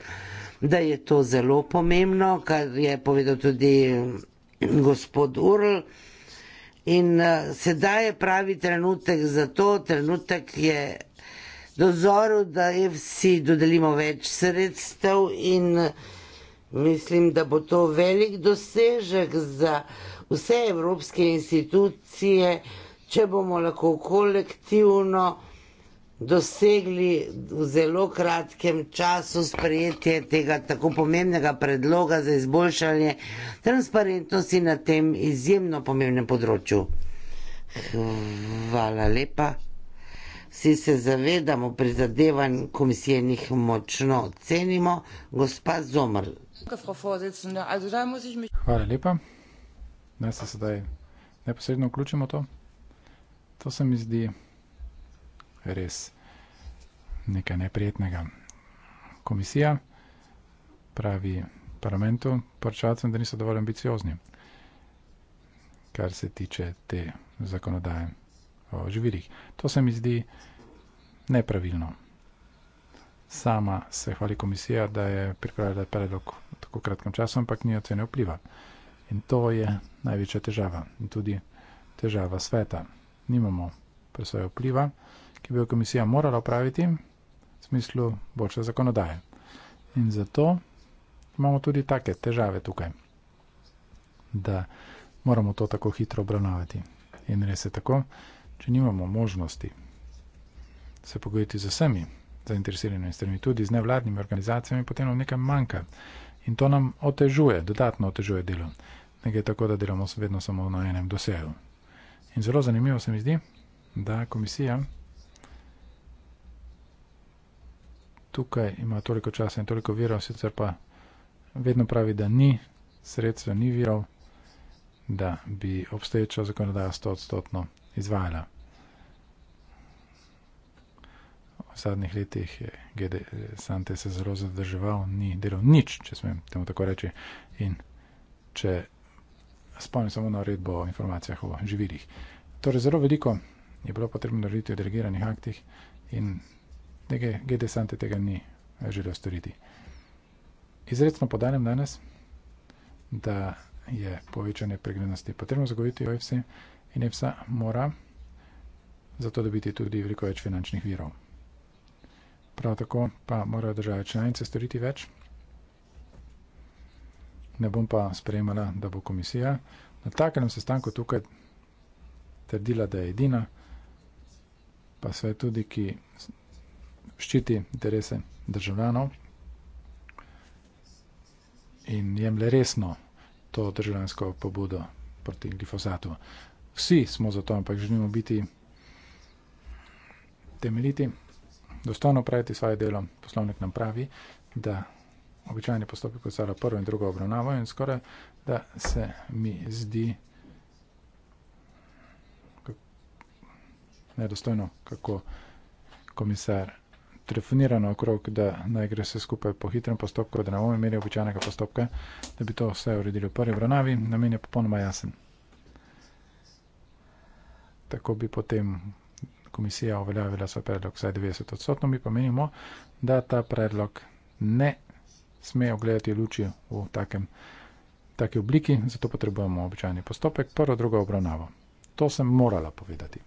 da je to zelo pomembno, kar je povedal tudi mm, gospod Url. In uh, sedaj je pravi trenutek za to, trenutek je dozoru, da vsi dodelimo več sredstev in eh, mislim, da bo to velik dosežek za vse evropske institucije če bomo lahko kolektivno dosegli v zelo kratkem času sprejetje tega tako pomembnega predloga za izboljšanje transparentnosti na tem izjemno pomembnem področju. Hvala lepa. Vsi se zavedamo prizadevanj komisije, njih močno cenimo. Gospa Zomr. Hvala lepa. Naj se sedaj neposredno vključimo v to. To se mi zdi res nekaj neprijetnega. Komisija pravi parlamentu, parčacem, da niso dovolj ambiciozni, kar se tiče te zakonodaje o živilih. To se mi zdi nepravilno. Sama se hvali komisija, da je pripravila predlog v tako kratkem času, ampak ni ocene vpliva. In to je največja težava. In tudi težava sveta nimamo presoje vpliva, ki bi jo komisija morala upraviti v smislu boljše zakonodaje. In zato imamo tudi take težave tukaj, da moramo to tako hitro obravnavati. In res je tako, če nimamo možnosti se pogojiti z vsemi zainteresiranimi strani, tudi z nevladnimi organizacijami, potem nam nekaj manjka. In to nam otežuje, dodatno otežuje delo. Nekaj je tako, da delamo vedno samo na enem doseju. In zelo zanimivo se mi zdi, da komisija tukaj ima toliko časa in toliko virov, sicer pa vedno pravi, da ni sredstva, ni virov, da bi obstoječa zakonodaja 100-odstotno izvajala. V zadnjih letih je GD Sante se zelo zadrževal, ni delal nič, če smem temu tako reči. In če spomnim samo na uredbo o informacijah o živirih. Torej, zelo veliko je bilo potrebno narediti v delegiranih aktih in nekaj GD Sante tega ni eh, želel storiti. Izredno podanem danes, da je povečanje preglednosti potrebno zagoviti OFC e in EFSA mora zato dobiti tudi veliko več finančnih virov. Prav tako pa morajo države članice storiti več, ne bom pa sprejemala, da bo komisija na takem sestanku tukaj trdila, da je edina, pa sve tudi, ki ščiti interese državljanov in jemlje resno to državljansko pobudo proti glifosatu. Vsi smo za to, ampak želimo biti temeljiti, dostojno praviti svoje delo. Poslovnik nam pravi, da običajni postopek vzala prvo in drugo obravnavo in skoraj, da se mi zdi nedostojno, kako komisar telefonirano okrog, da naj gre se skupaj po hitrem postopku, da ne bomo imeli običajnega postopka, da bi to vse uredili v prvi obravnavi, namen je popolnoma jasen. Tako bi potem komisija uveljavila svoj predlog vsaj 90 odstotno, mi pa menimo, da ta predlog ne smejo gledati luči v takem, taki obliki, zato potrebujemo običajni postopek, prvo, drugo obravnavo. To sem morala povedati.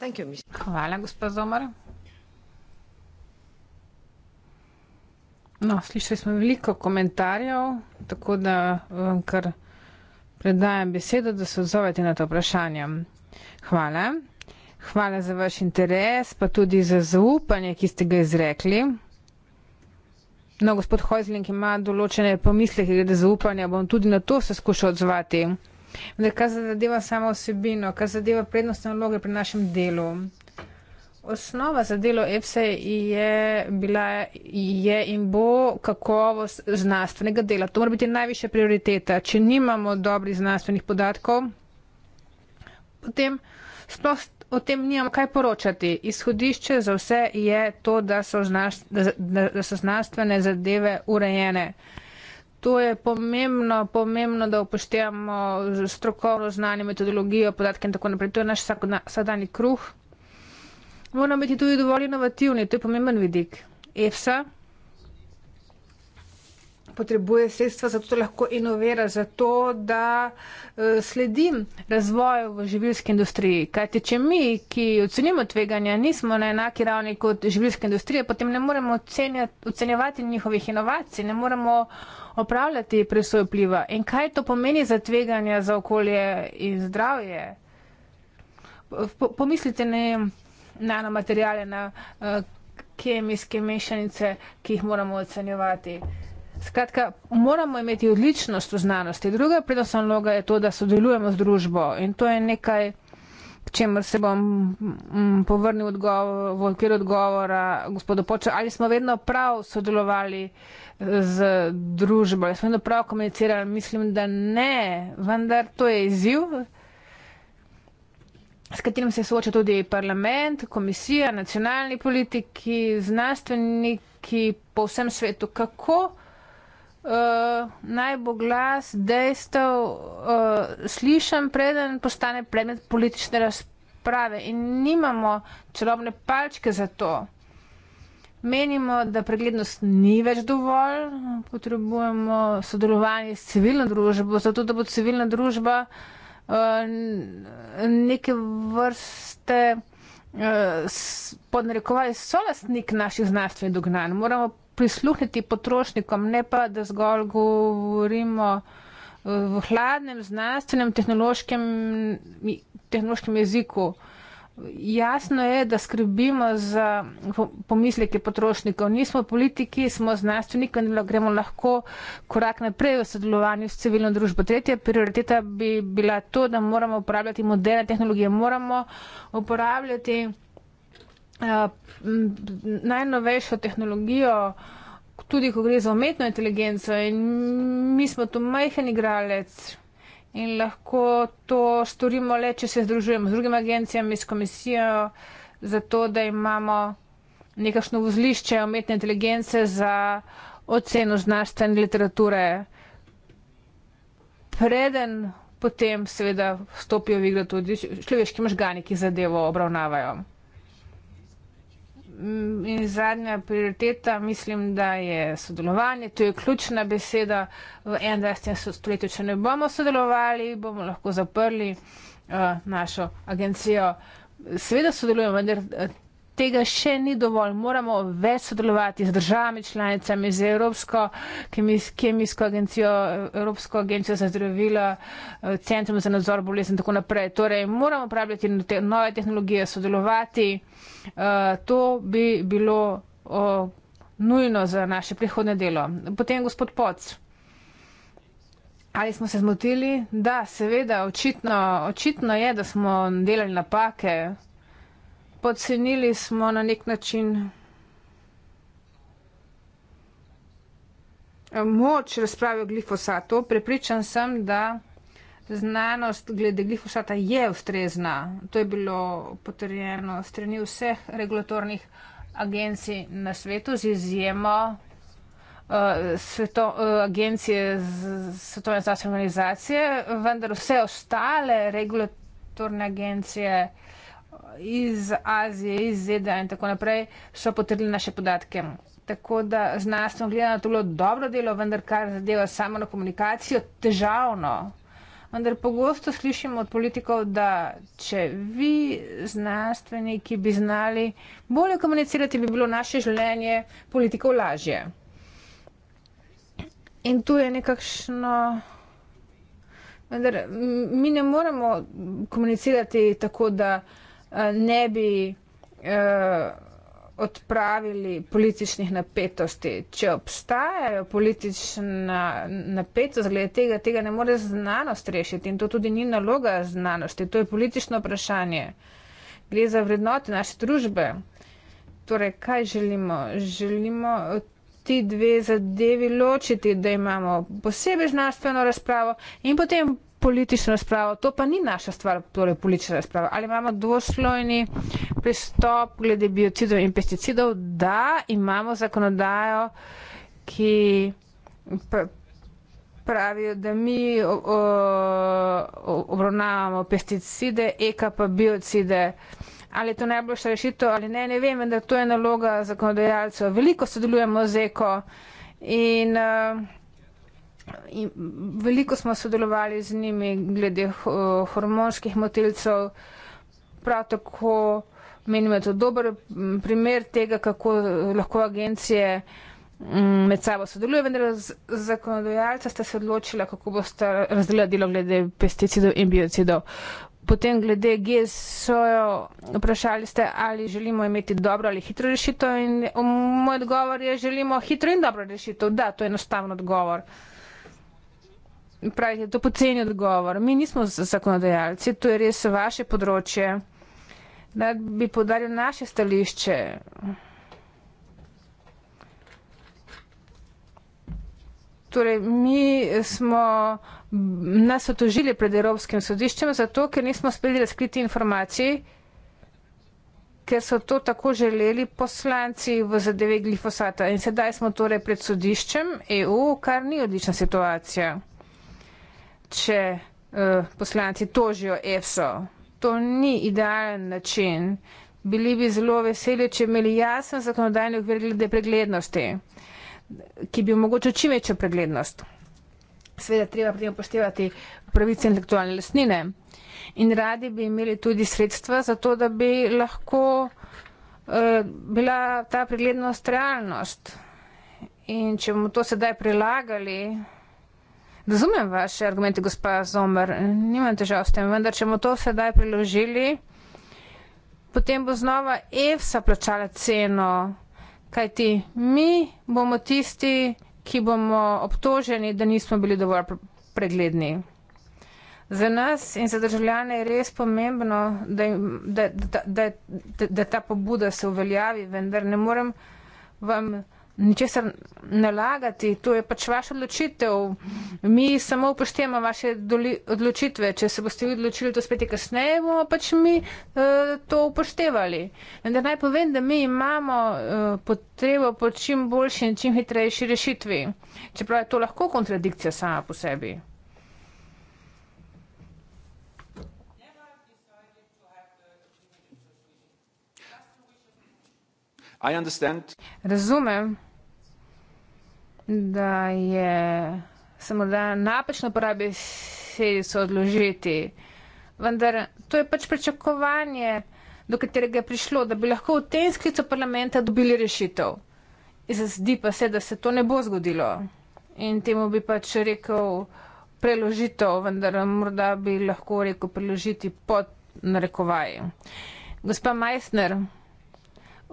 You, Hvala, gospod Zomar. No, slišali smo veliko komentarjev, tako da vam um, kar predajam besedo, da se odzovete na to vprašanje. Hvala. Hvala za vaš interes, pa tudi za zaupanje, ki ste ga izrekli. No, gospod Hojzling ima določene pomisleke glede zaupanja, bom tudi na to se skušal odzvati. Vendar, kar zadeva samo osebino, kar zadeva prednostne naloge pri našem delu. Osnova za delo EPSA je bila je in bo kakovost znanstvenega dela. To mora biti najviše prioriteta. Če nimamo dobrih znanstvenih podatkov, potem sploh o tem nimam kaj poročati. Izhodišče za vse je to, da so, znaš, da so znanstvene zadeve urejene. To je pomembno, pomembno, da upoštevamo strokovno znanje, metodologijo, podatke in tako naprej. To je naš sadani kruh. Moramo biti tudi dovolj inovativni, to je pomemben vidik. EFSA, potrebuje sredstva, zato da lahko inovira, zato da eh, sledim razvoju v živilski industriji. Kajti, če mi, ki ocenimo tveganja, nismo na enaki ravni kot živilska industrija, potem ne moremo ocenjevati njihovih inovacij, ne moremo opravljati presoj vpliva. In kaj to pomeni za tveganja za okolje in zdravje? Pomislite na nanomaterijale, eh, na kemijske mešanice, ki jih moramo ocenjevati. Skratka, moramo imeti odličnost v znanosti. Druga prednostna naloga je to, da sodelujemo z družbo in to je nekaj, k čemer se bom mm, povrnil v okviru odgovora gospodu Poča. Ali smo vedno prav sodelovali eh, z družbo, ali smo vedno prav komunicirali? Mislim, da ne, vendar to je izziv, s katerim se sooča tudi parlament, komisija, nacionalni politiki, znanstveniki po vsem svetu. Kako? Eh, naj bo glas dejstev uh, eh, slišen, preden postane predmet politične razprave. In nimamo čarobne palčke za to. Menimo, da preglednost ni več dovolj, potrebujemo sodelovanje s civilno družbo, zato da bo civilna družba uh, neke vrste uh, podnarekovali solastnik naših znanstvenih dognanj. Moramo prisluhniti potrošnikom, ne pa da zgolj govorimo eh, v hladnem, znanstvenem, tehnološkem, tehnološkem jeziku. Jasno je, da skrbimo za pomisleke potrošnikov. Nismo politiki, smo znanstveniki in gremo lahko korak naprej v sodelovanju s civilno družbo. Tretja prioriteta bi bila to, da moramo uporabljati moderne tehnologije. Moramo uporabljati Eh, najnovejšo tehnologijo, tudi ko gre za umetno inteligenco in mi smo tu majhen igralec in lahko to storimo le, če se združujemo z drugimi agencijami, s komisijo, zato da imamo nekakšno vozlišče umetne inteligence za oceno znanstvene literature. Preden potem seveda stopijo v igro tudi človeški možgani, ki zadevo obravnavajo. In zadnja prioriteta, mislim, da je sodelovanje. To je ključna beseda v 21. stoletju. Če ne bomo sodelovali, bomo lahko zaprli uh, našo agencijo. Seveda sodelujemo, vendar eh, tega še ni dovolj. Moramo več sodelovati z državami, članicami, z Evropsko kemijsko agencijo, Evropsko agencijo za zdravila, eh, Centrum za nadzor bolezni in tako naprej. Torej, moramo uporabljati no nove tehnologije, sodelovati. Eh, to bi bilo nujno za naše prihodne delo. Potem gospod Poc. Ali smo se zmotili? Da, seveda, očitno, očitno je, da smo delali napake pocenili smo na nek način eh, moč razprave o glifosatu. Prepričan sem, da znanost glede glifosata je ustrezna. To je bilo potrjeno strani vseh regulatornih agencij na svetu z izjemo uh, sveto, uh, agencije Svetovne zdravstvene organizacije, vendar vse ostale regulatorne agencije uh, iz Azije, iz ZDA in tako naprej, so potrdili naše podatke. Tako da znanstveno gledano to je bilo dobro delo, vendar kar zadeva samo na komunikacijo, težavno. Vendar pogosto slišimo od politikov, da če vi znanstveniki bi znali bolje komunicirati, bi bilo naše življenje politikov lažje. In tu je nekakšno. Vendar mi ne moremo komunicirati tako, da. Eh, ne bi eh, odpravili političnih napetosti. Če obstajajo politična napetost, glede tega, tega ne more znanost rešiti in to tudi ni naloga znanosti, to je politično vprašanje. Gre za vrednoti naše družbe. Torej, kaj želimo? Želimo ti dve zadevi ločiti, da imamo posebej znanstveno razpravo in potem politično razpravo, to pa ni naša stvar, torej politična razprava. Ali imamo dvoslojni pristop glede biocidov in pesticidov, da imamo zakonodajo, ki pravijo, da mi obravnavamo pesticide, eka pa biocide. Ali je to najboljša rešitev ali ne, ne vem, vendar to je naloga zakonodajalcev. Veliko sodelujemo z eko in uh, In veliko smo sodelovali z njimi glede eh, hormonskih motilcev, prav tako menim, da je to dober primer tega, kako eh, lahko agencije med sabo sodeluje, vendar zakonodajalca sta se odločila, kako boste razdelila delo glede pesticidov in biocidov. Potem glede GSO-jo vprašali ste, ali želimo imeti dobro ali hitro rešitev in eh, moj odgovor je, želimo hitro in dobro rešitev. Da, to je enostavno odgovor pravite, to poceni odgovor. Mi nismo zakonodajalci, to je res vaše področje. Da bi podaril naše stališče. Torej, mi smo nas otožili pred Evropskim sodiščem zato, ker nismo speli razkriti informacij, ker so to tako želeli poslanci v zadeve glifosata. In sedaj smo torej pred sodiščem EU, kar ni odlična situacija če uh, poslanci tožijo EFSO. To ni idealen način. Bili bi zelo veseli, če imeli jasno zakonodajno okvir glede preglednosti, ki bi omogočil čim večjo preglednost. Sveda treba pri tem upoštevati pravice intelektualne lasnine. In radi bi imeli tudi sredstva za to, da bi lahko uh, bila ta preglednost realnost. In če bomo to sedaj prilagali Razumem vaše argumente, gospa Zomer, nimam težav s tem, vendar če bomo to sedaj priložili, potem bo znova EFSA plačala ceno, kajti mi bomo tisti, ki bomo obtoženi, da nismo bili dovolj pregledni. Za nas in za državljane je res pomembno, da, da, da, da, da, da ta pobuda se uveljavi, vendar ne morem vam ničesar nalagati, to je pač vaša odločitev. Mi samo upoštevamo vaše odločitve. Če se boste vi odločili to spet kasneje, bomo pač mi uh, to upoštevali. Vendar naj povem, da mi imamo uh, potrebo po čim boljši in čim hitrejši rešitvi. Čeprav je to lahko kontradikcija sama po sebi. I understand. Razumem da je samo da napačno porabi sedico odložiti. Vendar to je pač pričakovanje, do katerega je prišlo, da bi lahko v tem sklicu parlamenta dobili rešitev. Zdi pa se, da se to ne bo zgodilo. In temu bi pač rekel preložitev, vendar morda bi lahko rekel preložiti pod narekovaj. Gospa Meissner,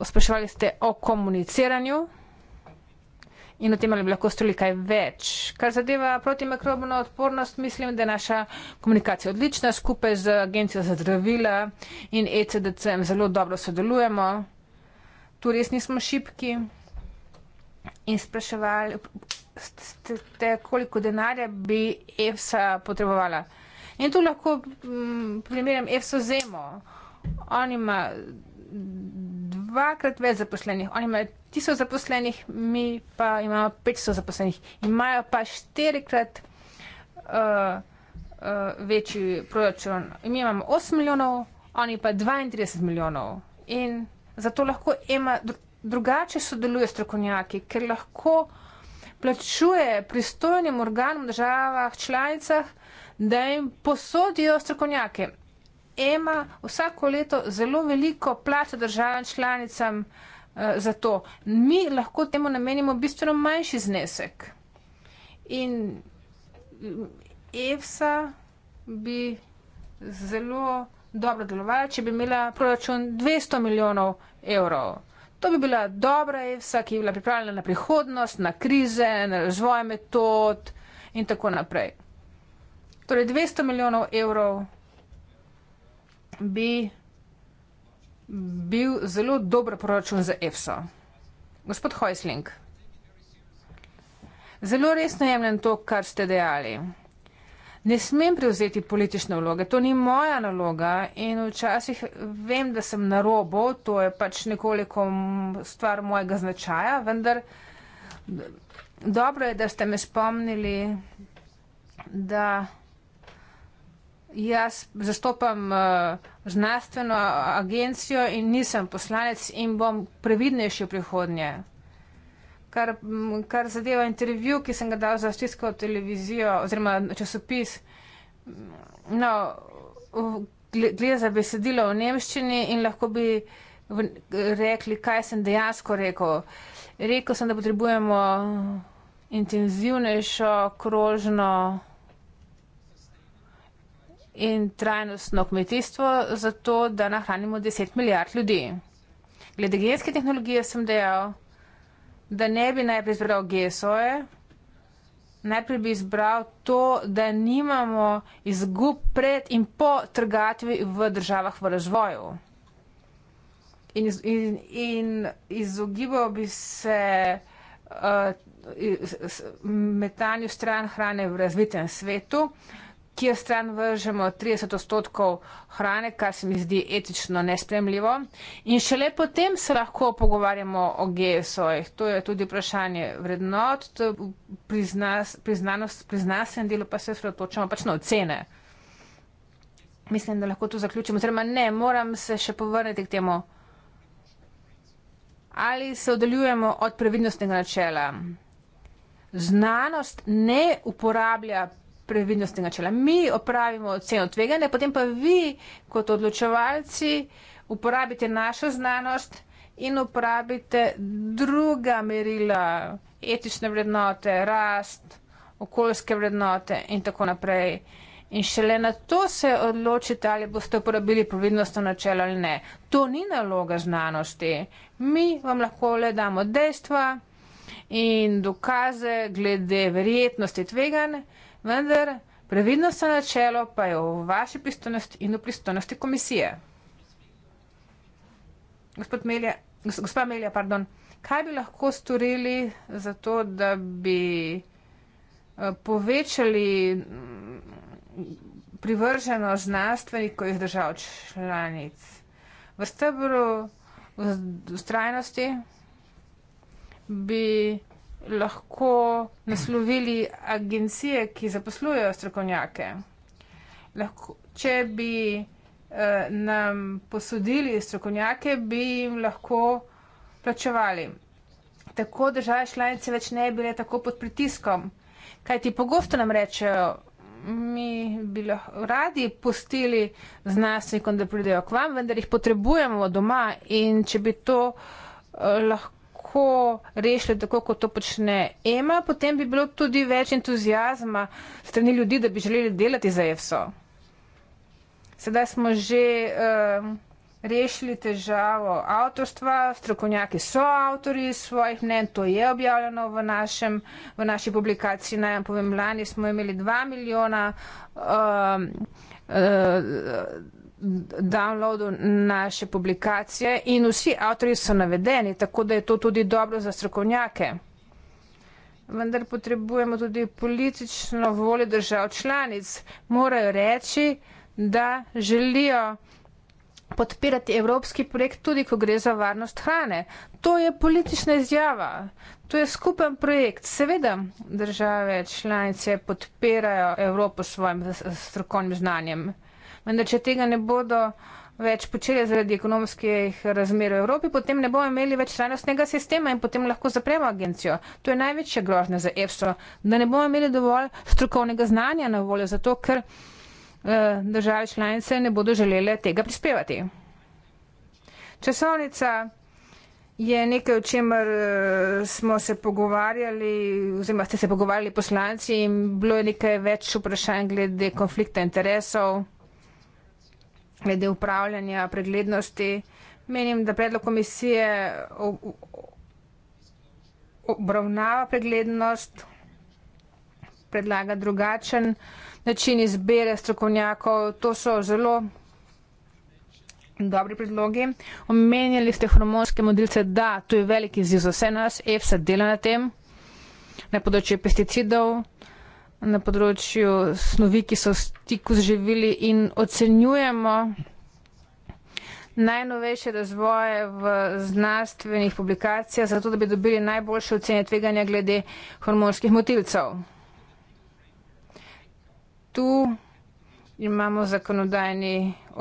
spraševali ste o komuniciranju in o tem, ali bi lahko storili kaj več. Kar zadeva protimikrobno odpornost, mislim, da je naša komunikacija odlična. Skupaj z Agencijo za zdravila in ECDC-em zelo dobro sodelujemo. Tu res nismo šipki in spraševali, ste, koliko denarja bi EFSA potrebovala. In tu lahko mm, primerjam EFSO e zemo. On ima dvakrat več zaposlenih. Oni imajo 1000 zaposlenih, mi pa imamo 500 zaposlenih. Imajo pa štirikrat uh, uh, večji proračun. Mi imamo 8 milijonov, oni pa 32 milijonov. In zato lahko ima drugače sodeluje strokovnjaki, ker lahko plačuje pristojnim organom v državah, članicah, da jim posodijo strokovnjake. EMA vsako leto zelo veliko plača državam članicam eh, za to. Mi lahko temu namenimo bistveno manjši znesek. In eh, EFSA bi zelo dobro delovala, če bi imela proračun 200 milijonov evrov. To bi bila dobra EFSA, ki bi bila pripravljena na prihodnost, na krize, na razvoj metod in tako naprej. Torej 200 milijonov evrov bi bil zelo dober proračun za EFSO. Gospod Hojsling, zelo resno jemljem to, kar ste dejali. Ne smem prevzeti politične vloge, to ni moja naloga in včasih vem, da sem na robu, to je pač nekoliko stvar mojega značaja, vendar dobro je, da ste me spomnili, da. Jaz zastopam uh, znanstveno agencijo in nisem poslanec in bom previdnejši v prihodnje. Kar, kar zadeva intervju, ki sem ga dal za avstrijsko televizijo oziroma časopis, no, gre za besedilo v nemščini in lahko bi rekli, kaj sem dejansko rekel. Rekl sem, da potrebujemo intenzivnejšo, krožno in trajnostno kmetijstvo za to, da nahranimo 10 milijard ljudi. Glede genske tehnologije sem dejal, da ne bi najprej izbral GSO-je, najprej bi izbral to, da nimamo izgub pred in po trgatvi v državah v razvoju. In, iz, in, in izogibal bi se uh, metanju stran hrane v razvitem svetu. Uh, kjer stran vržemo 30 odstotkov hrane, kar se mi zdi etično nespremljivo. In šele potem se lahko pogovarjamo o GSO-jih. To je tudi vprašanje vrednot, priznanost, priznasen delo pa se sredotočamo pač na ocene. Mislim, da lahko to zaključimo. Oziroma ne, moram se še povrniti k temu. Ali se oddaljujemo od previdnostnega načela? Znanost ne uporablja previdnostnega čela. Mi opravimo oceno tveganja, potem pa vi kot odločevalci uporabite našo znanost in uporabite druga merila, etične vrednote, rast, okoljske vrednote in tako naprej. In šele na to se odločite, ali boste uporabili previdnostno načelo ali ne. To ni naloga znanosti. Mi vam lahko le damo dejstva in dokaze glede verjetnosti tveganja vendar previdnost na načelo pa je v vaši pristojnosti in v pristojnosti komisije. Gospod Melja, gospa Melja, pardon, kaj bi lahko storili za to, da bi eh, povečali mm, privrženo znanstvenikov iz držav članic? V stebru vztrajnosti bi lahko naslovili agencije, ki zaposlujejo strokovnjake. Lahko, če bi eh, nam posodili strokovnjake, bi jim lahko plačevali. Tako države članice več ne bile tako pod pritiskom. Kaj ti pogosto nam rečejo, mi bi lahko radi pustili znanstvenikom, da pridejo k vam, vendar jih potrebujemo doma in če bi to eh, lahko lahko rešili tako, kot to počne EMA, potem bi bilo tudi več entuzijazma strani ljudi, da bi želeli delati za EFSO. Sedaj smo že um, rešili težavo avtorstva, strokovnjaki so avtori svojih mnen, to je objavljeno v, našem, v naši publikaciji. Naj vam povem, lani smo imeli 2 milijona. Um, uh, downloadu naše publikacije in vsi avtori so navedeni, tako da je to tudi dobro za strokovnjake. Vendar potrebujemo tudi politično voljo držav članic. Morajo reči, da želijo podpirati evropski projekt tudi, ko gre za varnost hrane. To je politična izjava, to je skupen projekt. Seveda države članice podpirajo Evropo s svojim strokovnim znanjem. Vendar, če tega ne bodo več počeli zaradi ekonomskih razmer v Evropi, potem ne bomo imeli več trajnostnega sistema in potem lahko zapremo agencijo. To je največja grožnja za EFSO, da ne bomo imeli dovolj strokovnega znanja na voljo, zato ker eh, države članice ne bodo želele tega prispevati. Časovnica je nekaj, o čemer eh, smo se pogovarjali, oziroma ste se pogovarjali poslanci in bilo je nekaj več vprašanj glede konflikta interesov glede upravljanja preglednosti. Menim, da predlog komisije obravnava preglednost, predlaga drugačen način izbere strokovnjakov. To so zelo dobri predlogi. Omenjali ste hormonske modelce, da to je velik izziv za vse nas, EFSA dela na tem, na področju pesticidov na področju snovi, ki so v stiku z živili in ocenjujemo najnovejše razvoje v znanstvenih publikacijah, zato da bi dobili najboljše ocene tveganja glede hormonskih motilcev. Tu imamo zakonodajni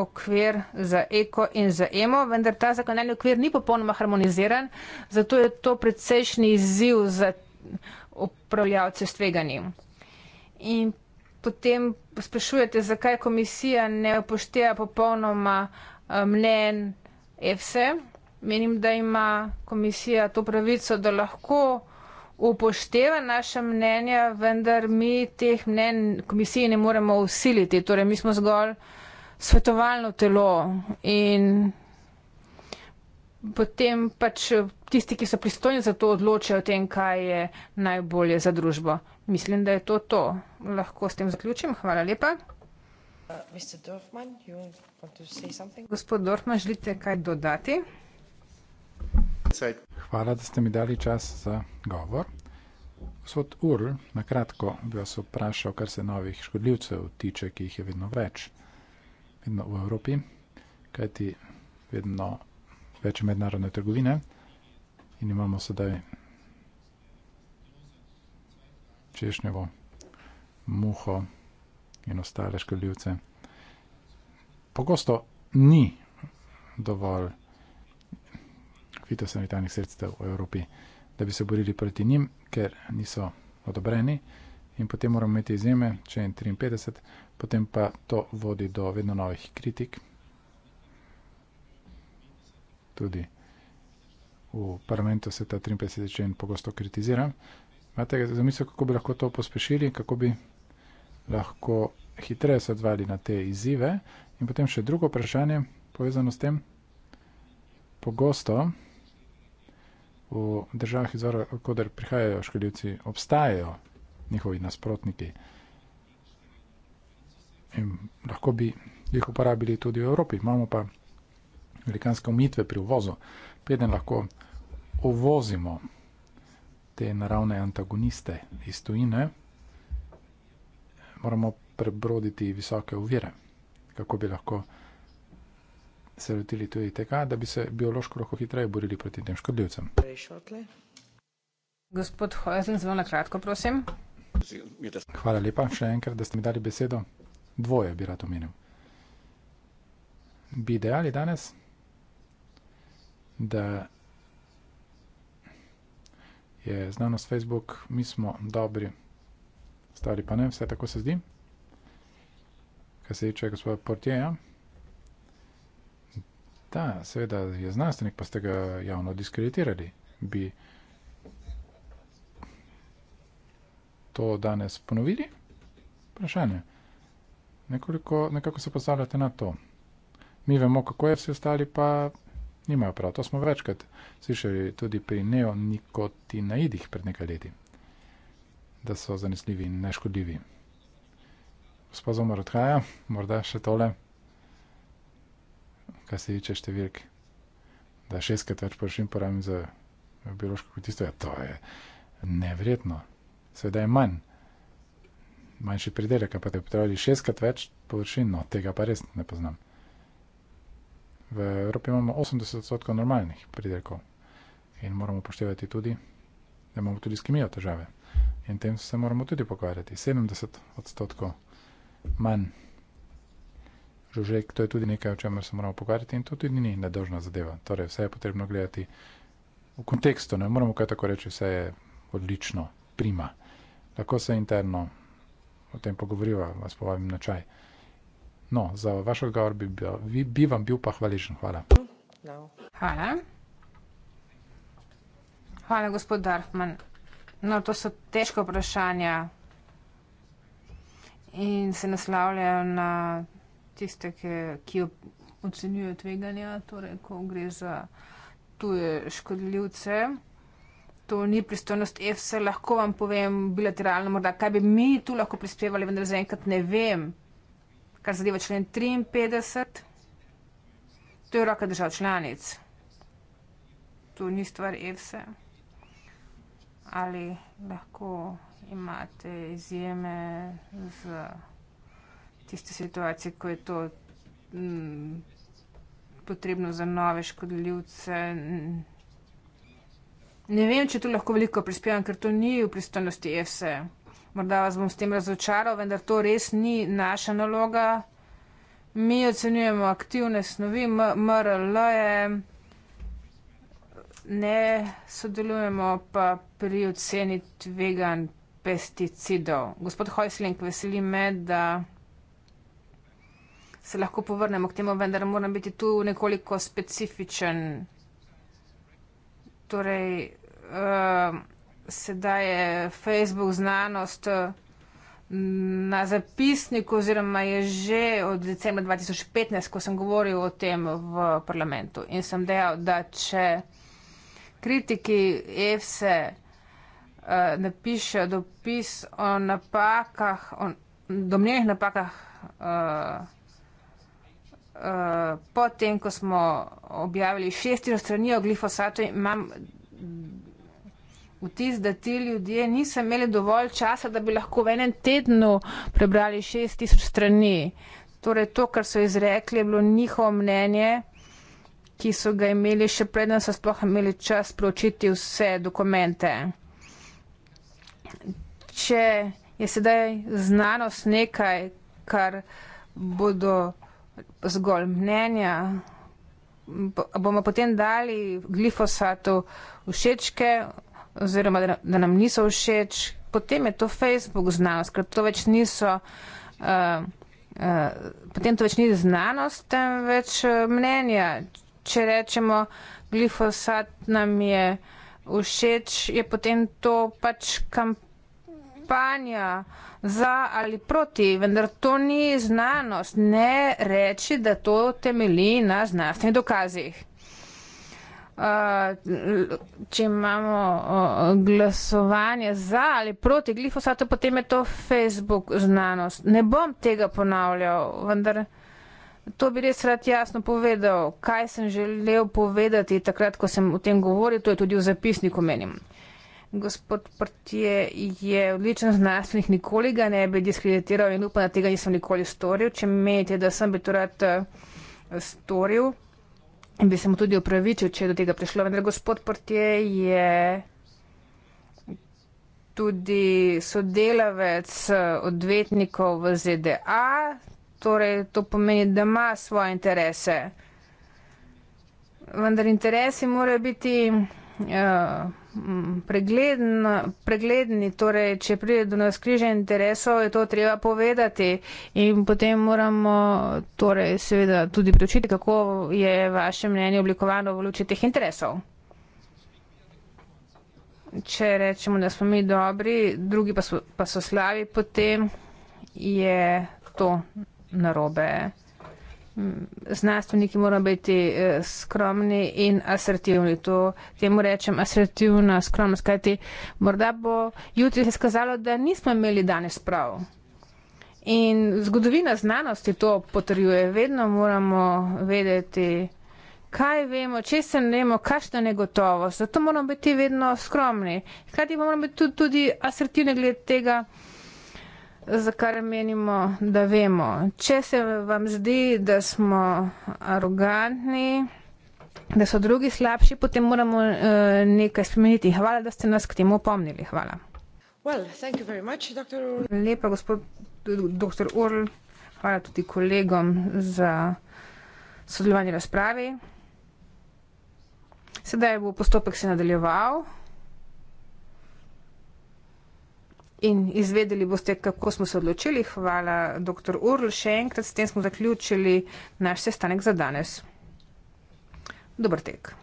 okvir za eko in za emo, vendar ta zakonodajni okvir ni popolnoma harmoniziran, zato je to precejšnji izziv za upravljavce s tveganjem in potem sprašujete, zakaj komisija ne upošteja popolnoma eh, mnen EFSE. Menim, da ima komisija to pravico, da lahko upošteva naše mnenja, vendar mi teh mnen komisiji ne moremo usiliti. Torej, mi smo zgolj svetovalno telo in potem pač tisti, ki so pristojni za to, odločajo o tem, kaj je najbolje za družbo. Mislim, da je to to. Lahko s tem zaključim. Hvala lepa. Uh, Gospod Dorfman, želite kaj dodati? Hvala, da ste mi dali čas za govor. Gospod Url, na kratko bi vas vprašal, kar se novih škodljivcev tiče, ki jih je vedno več, vedno v Evropi, kajti vedno več mednarodne trgovine in imamo sedaj češnjevo, muho in ostale škodljivce. Pogosto ni dovolj fitosanitarnih sredstev v Evropi, da bi se borili proti njim, ker niso odobreni in potem moramo imeti izjeme, če je 53, potem pa to vodi do vedno novih kritik. Tudi v parlamentu se ta 53 člen pogosto kritizira, Imate zamisel, kako bi lahko to pospešili, kako bi lahko hitreje se odvali na te izzive? In potem še drugo vprašanje, povezano s tem, pogosto v državah izvora, kodr prihajajo škodljivci, obstajajo njihovi nasprotniki. In lahko bi jih uporabili tudi v Evropi. Imamo pa velikanske omitve pri uvozu. Preden lahko uvozimo te naravne antagoniste iz tujine, moramo prebroditi visoke uvire, kako bi lahko se lotili tudi tega, da bi se biološko lahko hitreje borili proti tem škodljivcem. Gospod Hojazen, zelo na kratko, prosim. Hvala lepa še enkrat, da ste mi dali besedo. Dvoje bi rad omenil. Bi dejali danes, da je znanost Facebook, mi smo dobri, stari pa ne, vse tako se zdi. Kaj se reče gospoda Portjeja? Da, seveda je znanstvenik, pa ste ga javno diskreditirali. Bi to danes ponovili? Vprašanje. Nekoliko, nekako se postavljate na to. Mi vemo, kako je vse ostali, pa Nimajo prav, to smo večkrat slišali tudi pri neonikotinaidih pred nekaj leti, da so zanesljivi in neškodljivi. Gospod Zomar odhaja, morda še tole, kaj se tiče številk, da šestkrat več površin porabim za biološko kmetijstvo, ja to je nevredno. Seveda je manj, manjši pridelek, pa te potrebovali šestkrat več površin, no tega pa res ne poznam. V Evropi imamo 80% normalnih pridelkov in moramo upoštevati tudi, da imamo tudi s kemijo težave. In tem se moramo tudi pokvarjati. 70% manj žužek, to je tudi nekaj, o čemer se moramo pokvarjati in to tudi ni nedožna zadeva. Torej, vse je potrebno gledati v kontekstu, ne moramo kaj tako reči, vse je odlično, prima. Lahko se interno o tem pogovoriva, vas povabim na čaj. No, za vaš odgovor bi, bil, bi, bi vam bil pa hvaležen. Hvala. Hvala. Hvala, gospod Darfman. No, to so težko vprašanja in se naslavljajo na tiste, ki, ki ocenjujejo tveganja, torej, ko gre za tuje škodljivce. To ni pristojnost EFSA, lahko vam povem bilateralno, morda kaj bi mi tu lahko prispevali, vendar zaenkrat ne vem kar zadeva člen 53, to je roka držav članic. Tu ni stvar EFSE. Ali lahko imate izjeme z tiste situacije, ko je to mm, potrebno za nove škodljivce. Ne vem, če tu lahko veliko prispevam, ker to ni v pristojnosti EFSE morda vas bom s tem razočaral, vendar to res ni naša naloga. Mi ocenjujemo aktivne snovi, MRL je, ne sodelujemo pa pri oceni tvegan pesticidov. Gospod Hojsling, veseli me, da se lahko povrnemo k temu, vendar moram biti tu nekoliko specifičen. Torej, uh, sedaj je Facebook znanost eh, na zapisniku oziroma je že od decembra 2015, ko sem govoril o tem v parlamentu in sem dejal, da če kritiki EFSE eh, napišejo dopis o napakah, o domnevnih napakah, eh, potem, ko smo objavili 600 strani o glifosatu, imam vtis, da ti ljudje niso imeli dovolj časa, da bi lahko v enem tednu prebrali 6000 strani. Torej, to, kar so izrekli, je bilo njihovo mnenje, ki so ga imeli še preden so sploh imeli čas pročiti vse dokumente. Če je sedaj znanost nekaj, kar bodo zgolj mnenja, bomo potem dali glifosatu všečke oziroma da, da nam niso všeč, potem je to Facebook znanost, ker to več niso. Uh, Potem to več ni znanost, temveč eh, mnenja. Če rečemo, glifosat nam je všeč, je potem to pač kampanja za ali proti, vendar to ni znanost. Ne reči, da to temelji na znanstvenih dokazih. Eh, če imamo eh, glasovanje za ali proti glifosatu, potem je to Facebook znanost. Ne bom tega ponavljal, vendar to bi res rad jasno povedal, kaj sem želel povedati takrat, ko sem o tem govoril, to je tudi v zapisniku menim. Gospod Prtje je odličen znanstvenik, nikoli ga ne bi diskreditiral in upam, da tega nisem nikoli storil. Če menite, da sem bi to rad eh, storil in bi se mu tudi opravičil, če je do tega prišlo. Vendar gospod Portje je tudi sodelavec odvetnikov v ZDA, torej to pomeni, da ima svoje interese. Vendar interesi morajo biti. Uh, Mm, pregleden, pregledni, torej, če pride do nas križa interesov, je to treba povedati in potem moramo torej, seveda tudi pričiti, kako je vaše mnenje oblikovano v luči teh interesov. Če rečemo, da smo mi dobri, drugi pa so, pa so slavi, potem je to narobe. Mm, znanstveniki morajo biti eh, skromni in asertivni. To, temu rečem asertivna skromnost, kajti morda bo jutri se skazalo, da nismo imeli danes prav. In zgodovina znanosti to potrjuje. Vedno moramo vedeti, kaj vemo, če se ne vemo, kakšna negotovost. Zato moramo biti vedno skromni. Hkrati moramo biti tudi asertivni glede tega za kar menimo, da vemo. Če se vam zdi, da smo arogantni, da so drugi slabši, potem moramo uh, nekaj spremeniti. Hvala, da ste nas k temu opomnili. Hvala. Well, much, Lepa, gospod dr. Url. Hvala tudi kolegom za sodelovanje v razpravi. Sedaj bo postopek se nadaljeval. in izvedeli boste, kako smo se odločili. Hvala, dr. Url. Še enkrat, s tem smo zaključili naš sestanek za danes. Dobr tek.